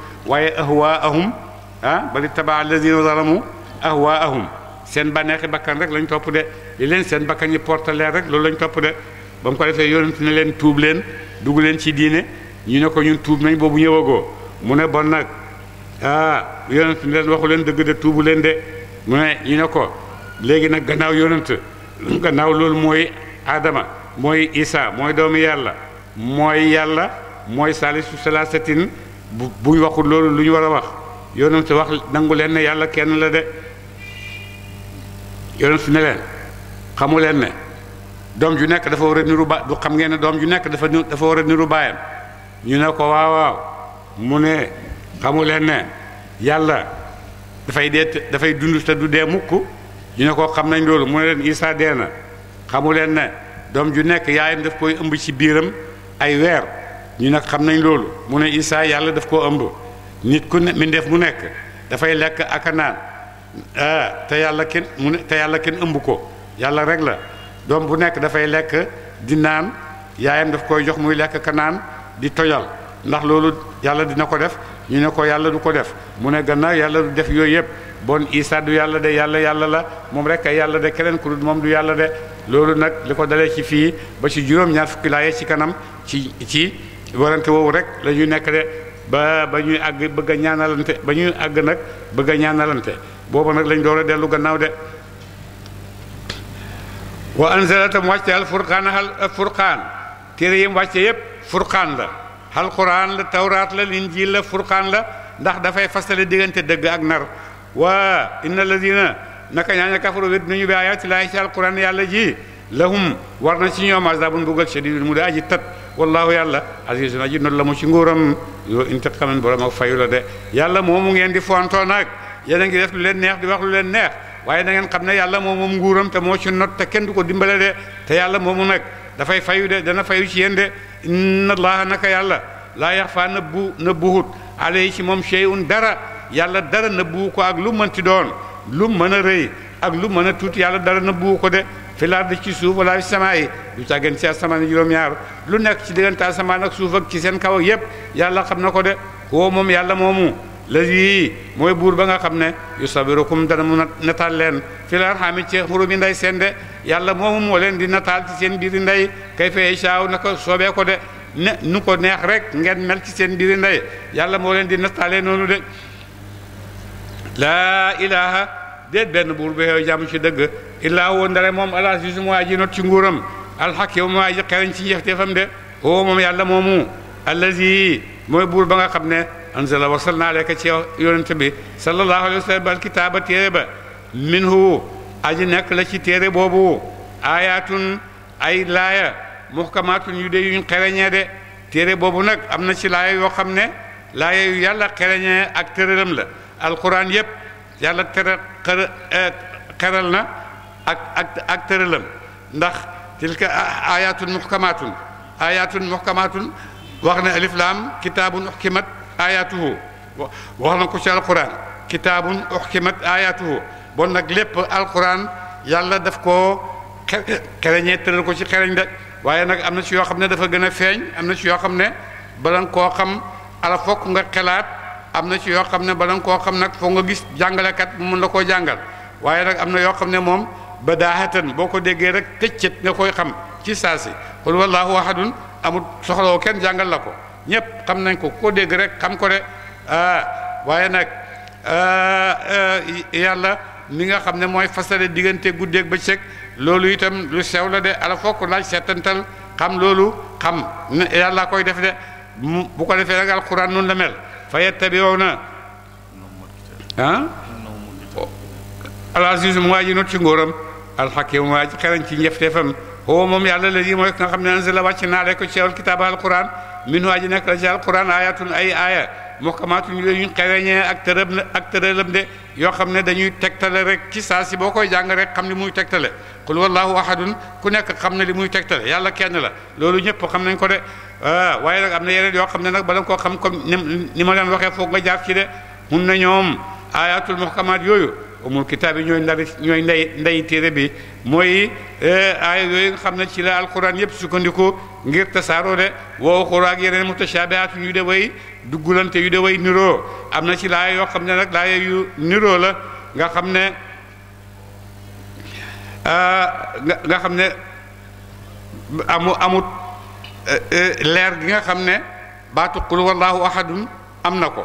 ah bal ittaba alladina waa ahwaahum seen bànneexi bakkan rek lañu topp de li leen seen bakkan yi porté leen rek loolu lañ topp de ba mu ko defee yonent ne leen tuub leen dugg leen ci diine ñu ne ko ñun tuub nañ boobu ñëwagoo mu ne bon nag ah yonent ne leen waxu leen dëgg de tuubu leen de mu ne ñu ne ko léegi nag gannaaw yonent gannaaw loolu mooy Adama mooy Isa mooy doomu yàlla mooy yàlla mooy saalisu salaasatin bu buñ waxul loolu lu ñu war a wax yonent wax nangu leen ne yàlla kenn la de yonent ne leen xamu leen ne doom ju nekk dafa war a niru ba xam ngeen ne doom ju nekk dafa dafa a niru baayam ñu ne ko waaw waaw mu ne xamu leen ne yàlla dafay dee dafay dund te du dee mukk ñu ne ko xam nañ loolu mu ne leen Isaa dee na xamu leen ne doom ju nekk yaayam daf koy ëmb ci biiram ay weer ñu ne xam nañ loolu mu ne Isaa yàlla daf koo ëmb nit ku ne mbindeef mu nekk dafay lekk ak a naan ah, te yàlla kenn mu ne te yàlla kenn ëmb ko yàlla rek la doom bu nekk dafay lekk di naan yaayam daf koy jox muy lekk ka naan di tojal ndax loolu yàlla dina ko def ñu ne ko yàlla du ko def mu ne gannaaw yàlla du def yooyu yëpp bon Isa du yàlla de yàlla yàlla la moom rek ay yàlla de keneen ku dul moom du yàlla de loolu nag li ko ci fii ba ci juróom-ñaar fukki laaye ci kanam ci ci warante woowu rek la ñuy de ba ba ñuy àgg bëgg ñaanalante ba ñuy àgg nag bëgg a ñaanalante booba nag lañ door a dellu gannaaw de wa anzala tam wàcce al furqaan al furqaan téere yim wàcce yépp furqaan la al quraan la tawraat la linjiil la furqaan la ndax dafay fastale diggante dëgg ak nar waa inna alladina naka ñaaña kafaru wét nu ñu bi ayaati ci al quraan yàlla ji lahum war na ci ñoom azabun bugal shadidun mu di aji tat wallahu yàlla azizun aji noonu la mu ci nguuram yoo intiqaman borom ak fayu la de yàlla moomu ngeen di fontoo nag a ngi def lu leen neex di wax lu leen neex waaye na ngeen xam ne yàlla moom moom nguuram te moo ci not te kenn du ko dimbale de te yàlla moomu nag dafay fayu de dana fayu ci yéen de inna allaha naka yàlla laa yaxfa nëbbu nëbbuhut alay ci moom shay'un dara yàlla dara nëbbu ko ak lu mën ci doon lu mën a rëy ak lu mën a tuuti yàlla dara nëbbu ko de fil ardi ci suuf wala fi samaa yi du tàggeen ci asamaan juróom-ñaar lu nekk ci diggante asamaan ak suuf ak ci seen kaw ak yépp yàlla xam na ko de woo moom yàlla moomu lazi mooy buur ba nga xam ne yu sabirukum dana mu nataal leen fil arhami ci xuru bi nday seen de yàlla moomu moo leen di nataal ci seen biiri ndey kay fee saaw na ko soobee ko de ne nu ko neex rek ngeen mel ci seen biiri ndey yàlla moo leen di nataale noonu de laa ilaha déet benn buur ba yow jàmm ci dëgg illaa woo ndare moom alaas yi su ma aji not ci nguuram alxaq yow ma aji xereñ ci njeexteefam de oo moom yàlla moomu allazi mooy buur ba nga xam ne anzala wasal naa lekk ci yonent bi sallallahu alayhi wa sallam al kitaaba téere ba minhu aji nekk la ci téere boobu aayaatun ay laaya muhkamaatun yu de yuñ xereñee de téere boobu nag am na ci laaya yoo xam ne laaya yu yàlla xereñee ak tëralam la alquran yépp yàlla tëral xëral na ak ak ak tëralam ndax tilka ayatun muhkamatun ayatun muhkamatun wax na alif laam kitaabun uhkimat ayatuhu wax na ko ci alquran kitaabun uhkimat ayatuhu bon nag lépp alquran yàlla daf koo xereñee tëral ko ci xereñ de waaye nag am na ci yoo xam ne dafa gën a feeñ am na ci yoo xam ne bala koo xam ala fokk nga xelaat am na ci yoo xam ne bala nga koo xam nag foo nga gis jàngalekat mu mën koo jàngal waaye nag am na yoo xam ne moom ba badaahatan boo ko déggee rek këccët nga koy xam ci saa si xul wallaahu ahadun amul soxlawoo kenn jàngal la ko ñëpp xam nañ ko ku ko dégg rek xam ko de ah, waaye nag ah, ah, yàlla mi nga xam ne mooy fasale diggante ba bëccëg loolu itam lu sew la de ala fokk laaj seetantal xam loolu xam yàlla koy def de bu ko defee rek alquran noonu la mel. فيتبعون العزيز مواجه نوتي غورم الحكيم مواجه خيرن تي نيفتفم هو موم يالا لي موي كان خامني انزل واتنا عليك الكتاب القران منه اجي نك القران ايات اي ايه muhkamaatun yu ñu xeweñee ak tërëb ak tërëlëm de yoo xam ne dañuy tegtale rek ci saa si boo koy jàng rek xam li muy tegtale qul wallahu ahadun ku nekk xam ne li muy tegtale yàlla kenn la loolu ñëpp xam nañ ko de ah, waaye nag am na yeneen yoo xam ne nag bala nga koo xam comme ni ma leen waxee foog nga jaar ci de mun na ñoom ayatul muhkamaat yooyu umul kitaab yi ñooy ndari ñooy ndey ndey téere bi mooy eh, aaya yooyu xam ne ci la alquran yëpp sukkandiku ngir tasaaroo de woo xuraa ak yeneen mutashaabihaat yu de way duggulante yu de way niroo am na ci laaya yoo xam ne nag laaya yu niroo la nga xam ne ah, nga xam ne amu amut eh, eh, leer gi nga xam ne baatu qul wallahu ahadun am na ko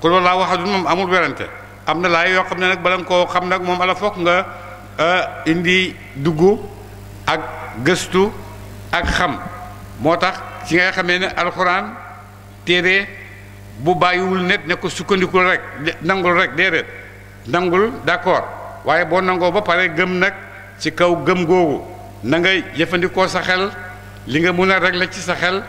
qul wallahu ahadun moom amul werante am na laa yoo xam ne nag bala nga koo xam nag moom ala foog nga eh, indi dugg ak gëstu ak xam moo tax ci ngay xamee ne alxuraan téere bu bàyyiwul net ne ko sukkandikul rek nangul rek déedéet nangul d'accord waaye boo nangoo ba pare gëm nag ci kaw gëm googu na nga jëfandikoo sa xel li nga mun a régler ci sa xel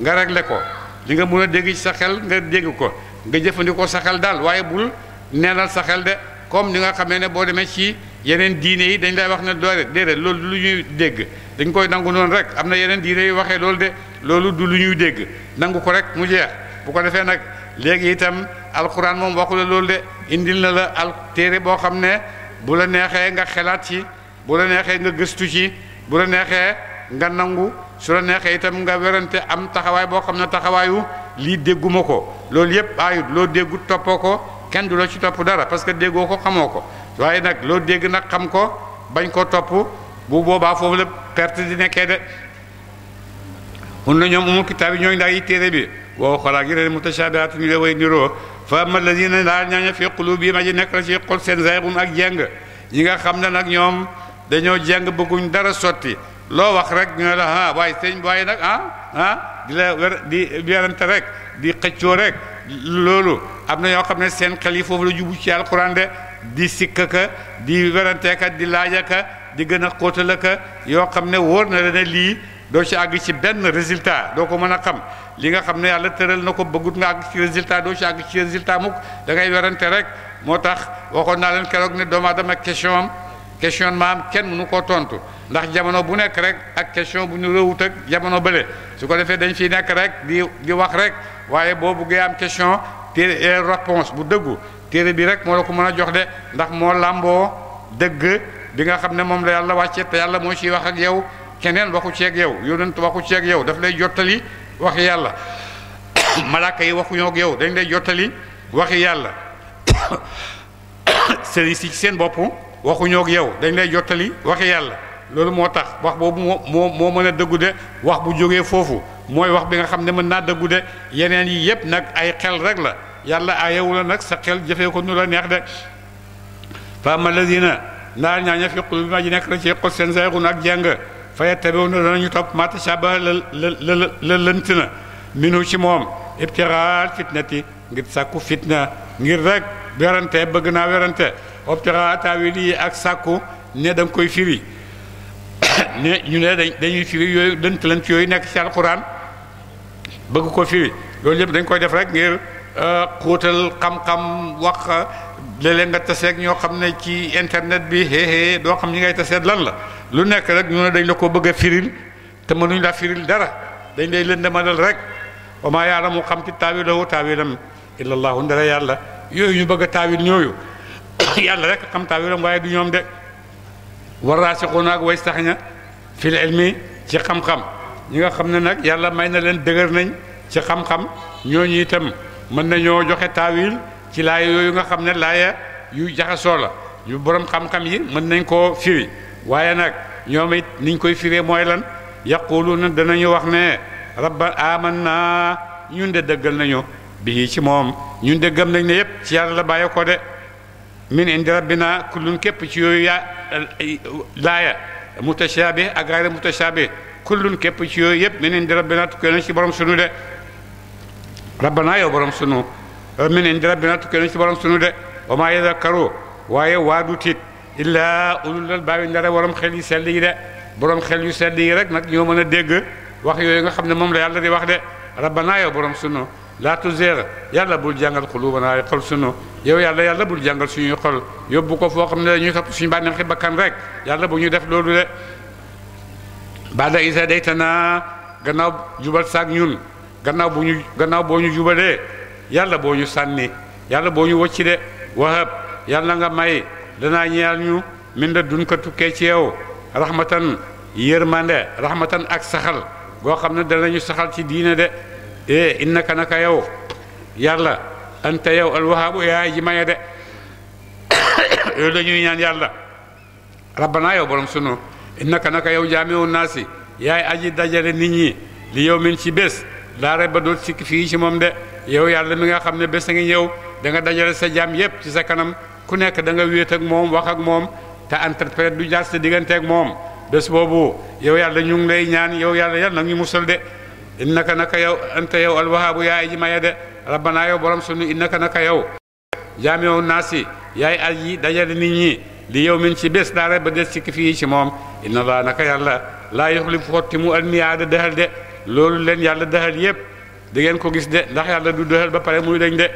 nga régler ko li nga mun a dégg ci sa xel nga dégg ko nga jëfandikoo sa xel daal waaye bul neenal sa xel de comme li nga xamee ne boo demee ci yeneen diine yi dañ day wax ne doole déedéet loolu lu ñuy dégg dañ koy nangu noonu rek am na yeneen diine yi waxee loolu de loolu du lu ñuy dégg nangu ko rek mu jeex bu ko defee nag léegi itam alquran moom waxu la loolu de indil na la al téere boo xam ne bu la neexee nga xelaat ci bu la neexee nga gëstu ci bu la neexee nga nangu su la neexee itam nga werante am taxawaay boo xam ne taxawaayu lii dégguma ko loolu yépp aayut loo déggu toppoo ko kenn du la ci topp dara parce que déggoo ko xamoo ko waaye nag loo dégg nag xam ko bañ koo topp bu boobaa foofu la perte di nekkee de mun na ñoom umul kitaab yi ñooy ndax yi téere bi woo xolaak yeneen mutashabihat ñu la way niroo fa amma alladina laa ñaaña fi qulubihim aji nekk la ci xol seen zaygun ak jeng ñi nga xam na nag ñoom dañoo jeng bëgguñ dara sotti loo wax rek ñu la ah waaye sëñ waaye nag ah ah di la wer rek di xëccoo rek loolu am na yoo xam ne seen xel yi foofu la jubu ci alquran de di sikk ka di weranteeka di laaj ka di gën a xóotala ka yoo xam ne wóor na la lii doo ci àgg ci benn résultat doo ko mën a xam li nga xam ne yàlla tëral na ko bëggut nga àgg ci résultat doo ci àgg ci résultat mukk da ngay werante rek moo tax waxoon naa leen keroog ne doomu aadama question am questionnement am kenn mënu koo tontu ndax jamono bu nekk rek ak question bu ñu réewut ak jamono bële su ko defee dañ fiy nekk rek di di wax rek waaye boo buggee am question téere réponse bu dëggu téere bi rek moo la ko mën a jox de ndax moo làmboo dëgg bi nga xam ne moom la yàlla wàcce te yàlla moo ciy wax ak yow keneen waxu ceeg yow yonent waxu ceeg yow daf lay jottali waxi yàlla malaaka yi waxuñook ak yow dañ lay jottali waxi yàlla sëriñ si seen bopp waxuñoo ak yow dañ lay jottali waxi yàlla loolu moo tax wax boobu moo moo moo mën a dëggu de wax bu jógee foofu mooy wax bi nga xam ne mën naa dëggu de yeneen yi yépp nag ay xel rek la yàlla ayewu la nag sa xel jëfee ko nu la neex de fa ma lazina ndaal ñaa ña fi qulubi ma ji nekk rek ci xol seen zaygun ak jàng فيتبعون لن يطب ما تشابه للنتنا منه شي موم ابتغاء الفتنة غير ساكو فتنة غير ذاك بيرانتا بغنا بيرانتا ابتغاء تاويلي اك ندم كوي فيري <coughs> ني ني داني فيري يوي دنت يوي نك شال قران بغو فيري لول ييب دنج كو غير آه، قوتل قم قم وخ léeg-léeg nga taseeg ñoo xam ne ci internet bi xéexée doo xam ñi ngay taseet lan la lu nekk rek ñu ne dañ la ko bëgg a firil te mënuñ la firil dara dañ lay lëndëmalal rek wa maa yaalamu xam ci taawilahu taawilam illa allahu ndara yàlla yooyu ñu bëgg a taawil ñooyu <coughs> yàlla rek xam taawilam waaye du ñoom de waraasixuuna ak way sax ña fil ilmi ci xam-xam ñi nga xam ne nag yàlla may na leen dëgër nañ ci xam-xam ñooñu itam mën nañoo joxe taawil ci laay yooyu nga xam ne laaya yu jaxasoo la yu borom xam-xam yi mën nañ koo firi waaye nag ñoom it niñ koy firee mooy lan yaquluuna danañu wax ne rabba amanna ñun de dëggal nañu bii ci moom ñun de gëm nañ ne yépp ci yàlla la bàyyi ko de min indi rabbina kullun képp ci yooyu yaa laaya mutashaabih ak gayra mutashaabih kullun képp ci yooyu yépp min indi rabbina tukkee na ci borom sunu de rabbanaa yow borom sunu min indi rabbina tukkee na ci borom sunu de wa maa yadakkaru waaye waadu tiit illaa ulul albaabi ndara borom xel yu sell yi de borom xel yu sell yi rek nag ñoo mën a dégg wax yooyu nga xam ne moom la yàlla di wax de rabbana yow borom sunu laa tuzigh yàlla bul jàngal xuluubanaa ay xol sunu yow yàlla yàlla bul jàngal suñuy xol yóbbu ko foo xam ne dañuy topp suñu bànneexi bakkan rek yàlla bu ñu def loolu de baada isa daytanaa ganaaw jubal saak ñun gannaaw bu ñu gannaaw boo ñu jubalee yàlla boo ñu sànni yàlla boo ñu wocci de wahab yàlla nga may danaa ñeel ñu min da dun ko tukkee ci yow rahmatan yërmande rahmatan ak saxal goo xam ne danañu saxal ci diine de e innaka naka yow yàlla anta yow alwahaabu yaay ji maye de <coughs> yooyu la ñuy ñaan yàlla rabbana yow borom sunu innaka naka yow jaamiwu naasi yaay aji dajale nit ñi li yow min ci bés daa reba doot sikki fii ci moom de yow yàlla mi nga xam ne bés a ngi ñëw danga dajale sa jaam yépp ci sa kanam ku nekk da nga wéet ak moom wax ak moom te interprète du jaar sa diggante ak moom bés boobu yow yàlla ñu ngi lay ñaan yow yàlla yal na ñu musal de innaka naka yow anta yow alwahaabu yaay ji maye de rabbanaa yow borom sunu innaka naka yow jaam yow naasi yaay aj yi dajale nit ñi li yow min ci bés daara ba des ci fii ci moom inna laa naka yàlla laa yoxlifu ti mu almiyaada de loolu leen yàlla dahal yépp dangeen ko gis de ndax yàlla du doxal ba pare muy dañ de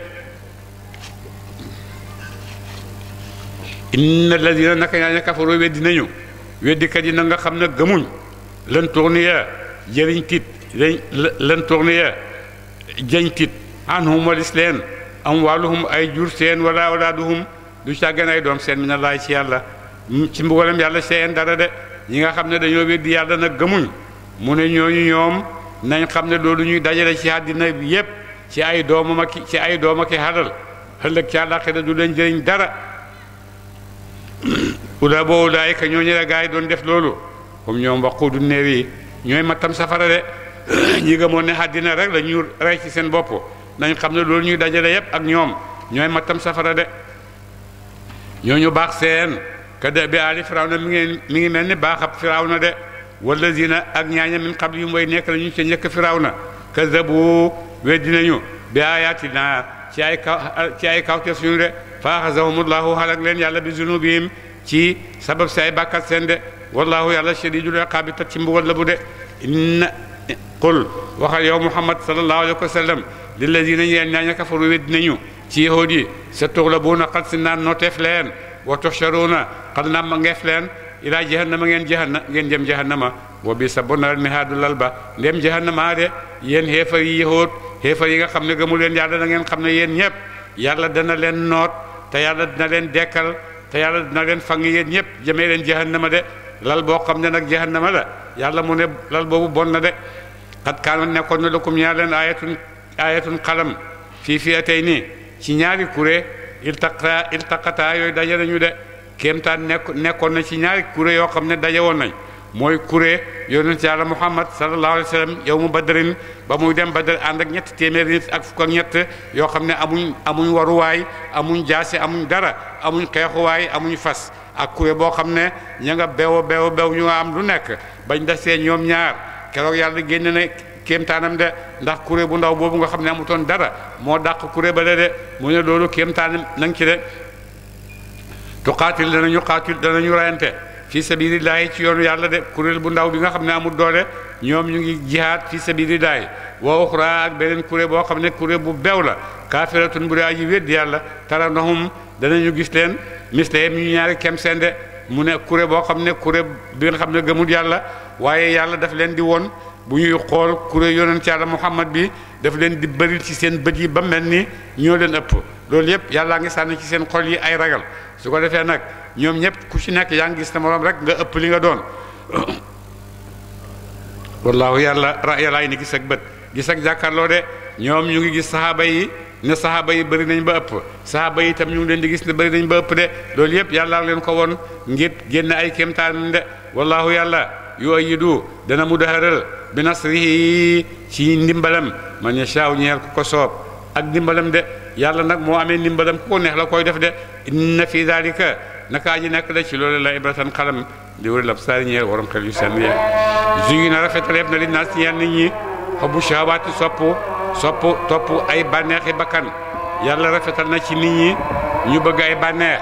inna dina naka ñaa ña kafaru weddi nañu weddikat yi na nga xam ne gëmuñ lan tourniya jëriñ tit lañ lan tourniya jañ tit leen am wàlluhum ay jur seen wala walaaduhum du càggan ay doom seen mi na laay ci yàlla ci mbugalam yàlla seen dara de ñi nga xam ne dañoo weddi yàlla nag gëmuñ mu ne ñooñu ñoom nañ xam ne loolu ñuy dajale ci àddina bi yépp ci ay doomam ak ci ay doom ak i xaral ëllëg ci àllaaxira du leen jëriñ dara uda boo ulaayika ñoo ñële gaa yi doon def loolu comme ñoom waquudu neer yi ñooy mattam safara de ñi gëmoon àddina rek la ñu rey ci seen bopp nañ xam ne loolu ñuy dajale yépp ak ñoom ñooy mattam safara de ñooñu baax seen ka de bi aali firaw na mi ngi mi ngi mel ni baax ab na de والذين اك من قبل يوم وي نيك لا نيو سي نيك فراونا كذبوا ودي نيو باياتنا تي اي كاو تي اي كاو فاخذهم الله هلك لين يالا بذنوبهم تي سبب ساي باكات سند والله يالا شديد العقاب تي مبول لبود ان قل وخال يوم محمد صلى الله عليه وسلم للذين نياني كفروا ودي نيو تي يهودي ستغلبون قد سنان نوتف لين وتحشرون قد نام نغف ilaa jahannama ngeen jahanna ngeen jëm jahannama wa bi sa bonal mihaadu lal ba ndem jahannama de yéen xeefar yi yëhoot xeefar yi nga xam ne gëmu leen yàlla na ngeen xam ne yéen ñëpp yàlla dana leen noot te yàlla dina leen dekkal te yàlla dina leen fangi yéen ñëpp jëmee leen jahannama de lal boo xam ne nag jahannama la yàlla mu ne lal boobu bon na de xat kaana nekkoon na lakum ñaa leen ayatun ayatun xalam fii fii atay nii ci ñaari kuré iltaqa iltaqataa yooyu daje de kéemtaan nekk nekkoon na ci ñaari kuré yoo xam ne daje woon nañ mooy kuré yonent yàlla muhammad sallallahu alayhi wa sallam yow mu badrin ba muy dem badar ànd ak ñett téeméeri ak fukk yoo xam ne amuñ amuñ waruwaay amuñ jaase amuñ dara amuñ xeexuwaay amuñ fas ak kuré boo xam ne ña nga beew bew beew ñu am lu nekk bañ desee ñoom ñaar keroog yàlla génn ne kéemtaanam de ndax kuré bu ndaw boobu nga xam ne amutoon dara moo dàq kuré ba de de mu ne loolu kéemtaanam na ci de tuqaatil danañu qaatil danañu rayante fi sabilillahi ci yoonu yàlla de kuréel bu ndaw bi nga xam ne amul doole ñoom ñu ngi jihaat fi sabilillahi wa uxra ak beneen kuréel boo xam ne kuréel bu beew la kaafiratun bu dee aji wéddi yàlla taranahum ñu gis leen mislayem ñu ñaari kem seen de mu ne kuréel boo xam ne kuréel bi nga xam ne gëmul yàlla waaye yàlla daf leen di woon bu ñuy xool kuréel yonent ci yàlla Muhammad bi daf leen di bëril ci seen bët yi ba mel ni ñoo leen ëpp loolu yëpp yàllaa ngi sànni ci seen xol yi ay ragal su ko defee nyom nyep ñëpp ku ci nekk yaa ngi gis ne morom rek nga ëpp li nga doon <coughs> wallahu yàlla ra yàllaay ni gis ak bët gis ak jàkkaarloo de ñoom ñu ngi gis saxaaba yi ne saxaaba yi bëri nañ ba ëpp saxaaba yi itam ñu ngi leen di gis ne nañ ba ëpp de loolu yëpp yàlla leen ko woon ngir ay de wallahu yàlla yu ayidu dana mu daharal bi nasrihi ci ndimbalam man yashaaw ñeel ku ko soob ak ndimbalam de yàlla nak moo amee ndimbalam ku ko neex la koy def de inna fi dalika nakaa ji nekk da ci loolu la ibratan xalam li wër lab yu seen ya juyi na rafetaleeb na li naas ci yenn nit ñi xobu shahawaati sopp sopp topp ay bànneexi bakkan yàlla rafetal na ci nit ñi ñu bëgg ay bànneex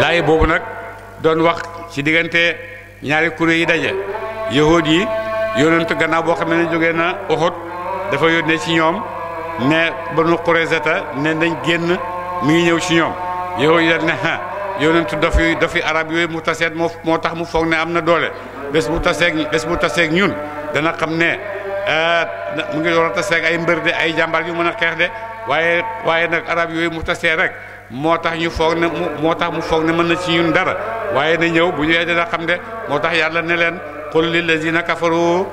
laay boobu nag doon wax ci diggante ñaari kuréel yi daje yahood yi yonent gannaaw boo xam ne jógee na Uhud dafa yónnee ci ñoom ne Banu Quraysata ne nañ génn mi ngi ñëw ci ñoom yow ya ne ah yonentu dofi dofi arab yooyu mu taseet moo moo tax mu foog ne am na doole bés bu taseeg bés bu taseeg ñun dana xam ne ah, mu ngi door a taseeg ay mbër de ay jàmbaar yu mën a xeex de waaye waaye nag arab yooyu mu tasee rek moo tax ñu foog ne mu moo tax mu foog ne mën na ci ñun dara waaye na ñëw bu ñëwee dana xam de moo tax yàlla ne leen qul lillazina kafaru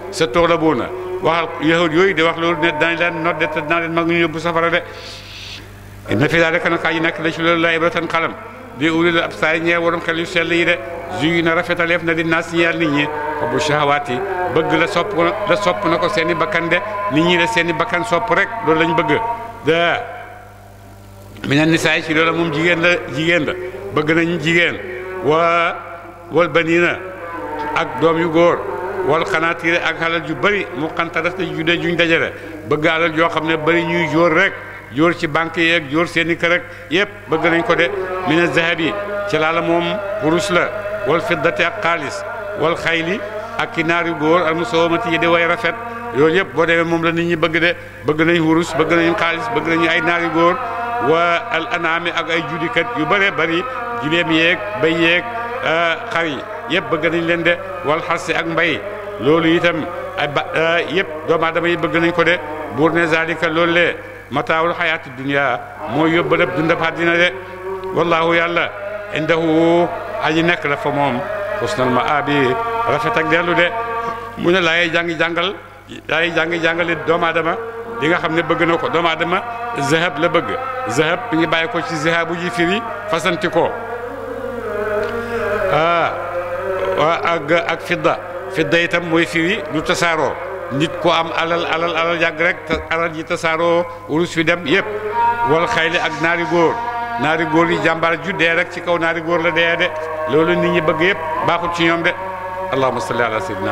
na waxal yahud yooyu di wax loolu ne daañu leen nodde te dinaa leen mag ñu yóbbu safara de inna fi daalika naka yi nekk la ci loolu la ibratan xalam di ulil absaar ñeer waroon xel yu sell yi de juy na rafetaleef na di naas ñeel nit ñi bu shahawaat yi bëgg la sopp la sopp na ko seen i bakkan de nit ñi la seen i bakkan sopp rek loolu lañ bëgg da mina nisaay ci loolu moom jigéen la jigéen la bëgg nañ jigéen wa wal banina ak doom yu góor wal xanaatiire ak xalal ju bëri mu xantaras te judee juñ dajale bëgg alal yoo xam ne bari ñuy jóor rek jóor ci banque yeeg jóor seen i kër ak yëpp bëgg nañ ko de mina zahabi ci laala moom wurus la wal fiddati ak xaalis wal xayli ak ki naar yu góor al musawamati yi di way rafet yooyu yëpp boo demee moom la nit ñi bëgg de bëgg nañ wurus bëgg nañ xaalis bëgg nañu ay naar góor wa al anaami ak ay judikat yu bëree bari gileem yeeg bay yeeg ah, xar yi yëpp bëgg nañ leen de wal xarsi ak mbay loolu itam ay ba euh, yëpp doomu aadama yi bëgg nañ ko de buur ne zalika loolu lee mataawul xayaati dunya mooy yóbbalëb dundab àddina de wallaahu yàlla indahu aji nekk la fa moom xusnal ma abi rafet ak dellu de mu ne laay jàngi jàngal laay jàngi jàngale doomu aadama li nga xam ne bëgg na ko doomu aadama zahab la bëgg zahab mi ngi bàyyi ko ci zahabu ji firi fasanti ko ah, ak ak fidda fidda itam mooy fiwi du tasaaroo nit ko am alal alal alal yàgg rek alal yi tasaaroo urus fi dem yépp wal xayli ak naari góor naari góor yi jàmbaar ju dee rek ci kaw naari góor la dee de loolu nit ñi bëgg yëpp baaxul ci ñoom de allahumma salli ala sayyidina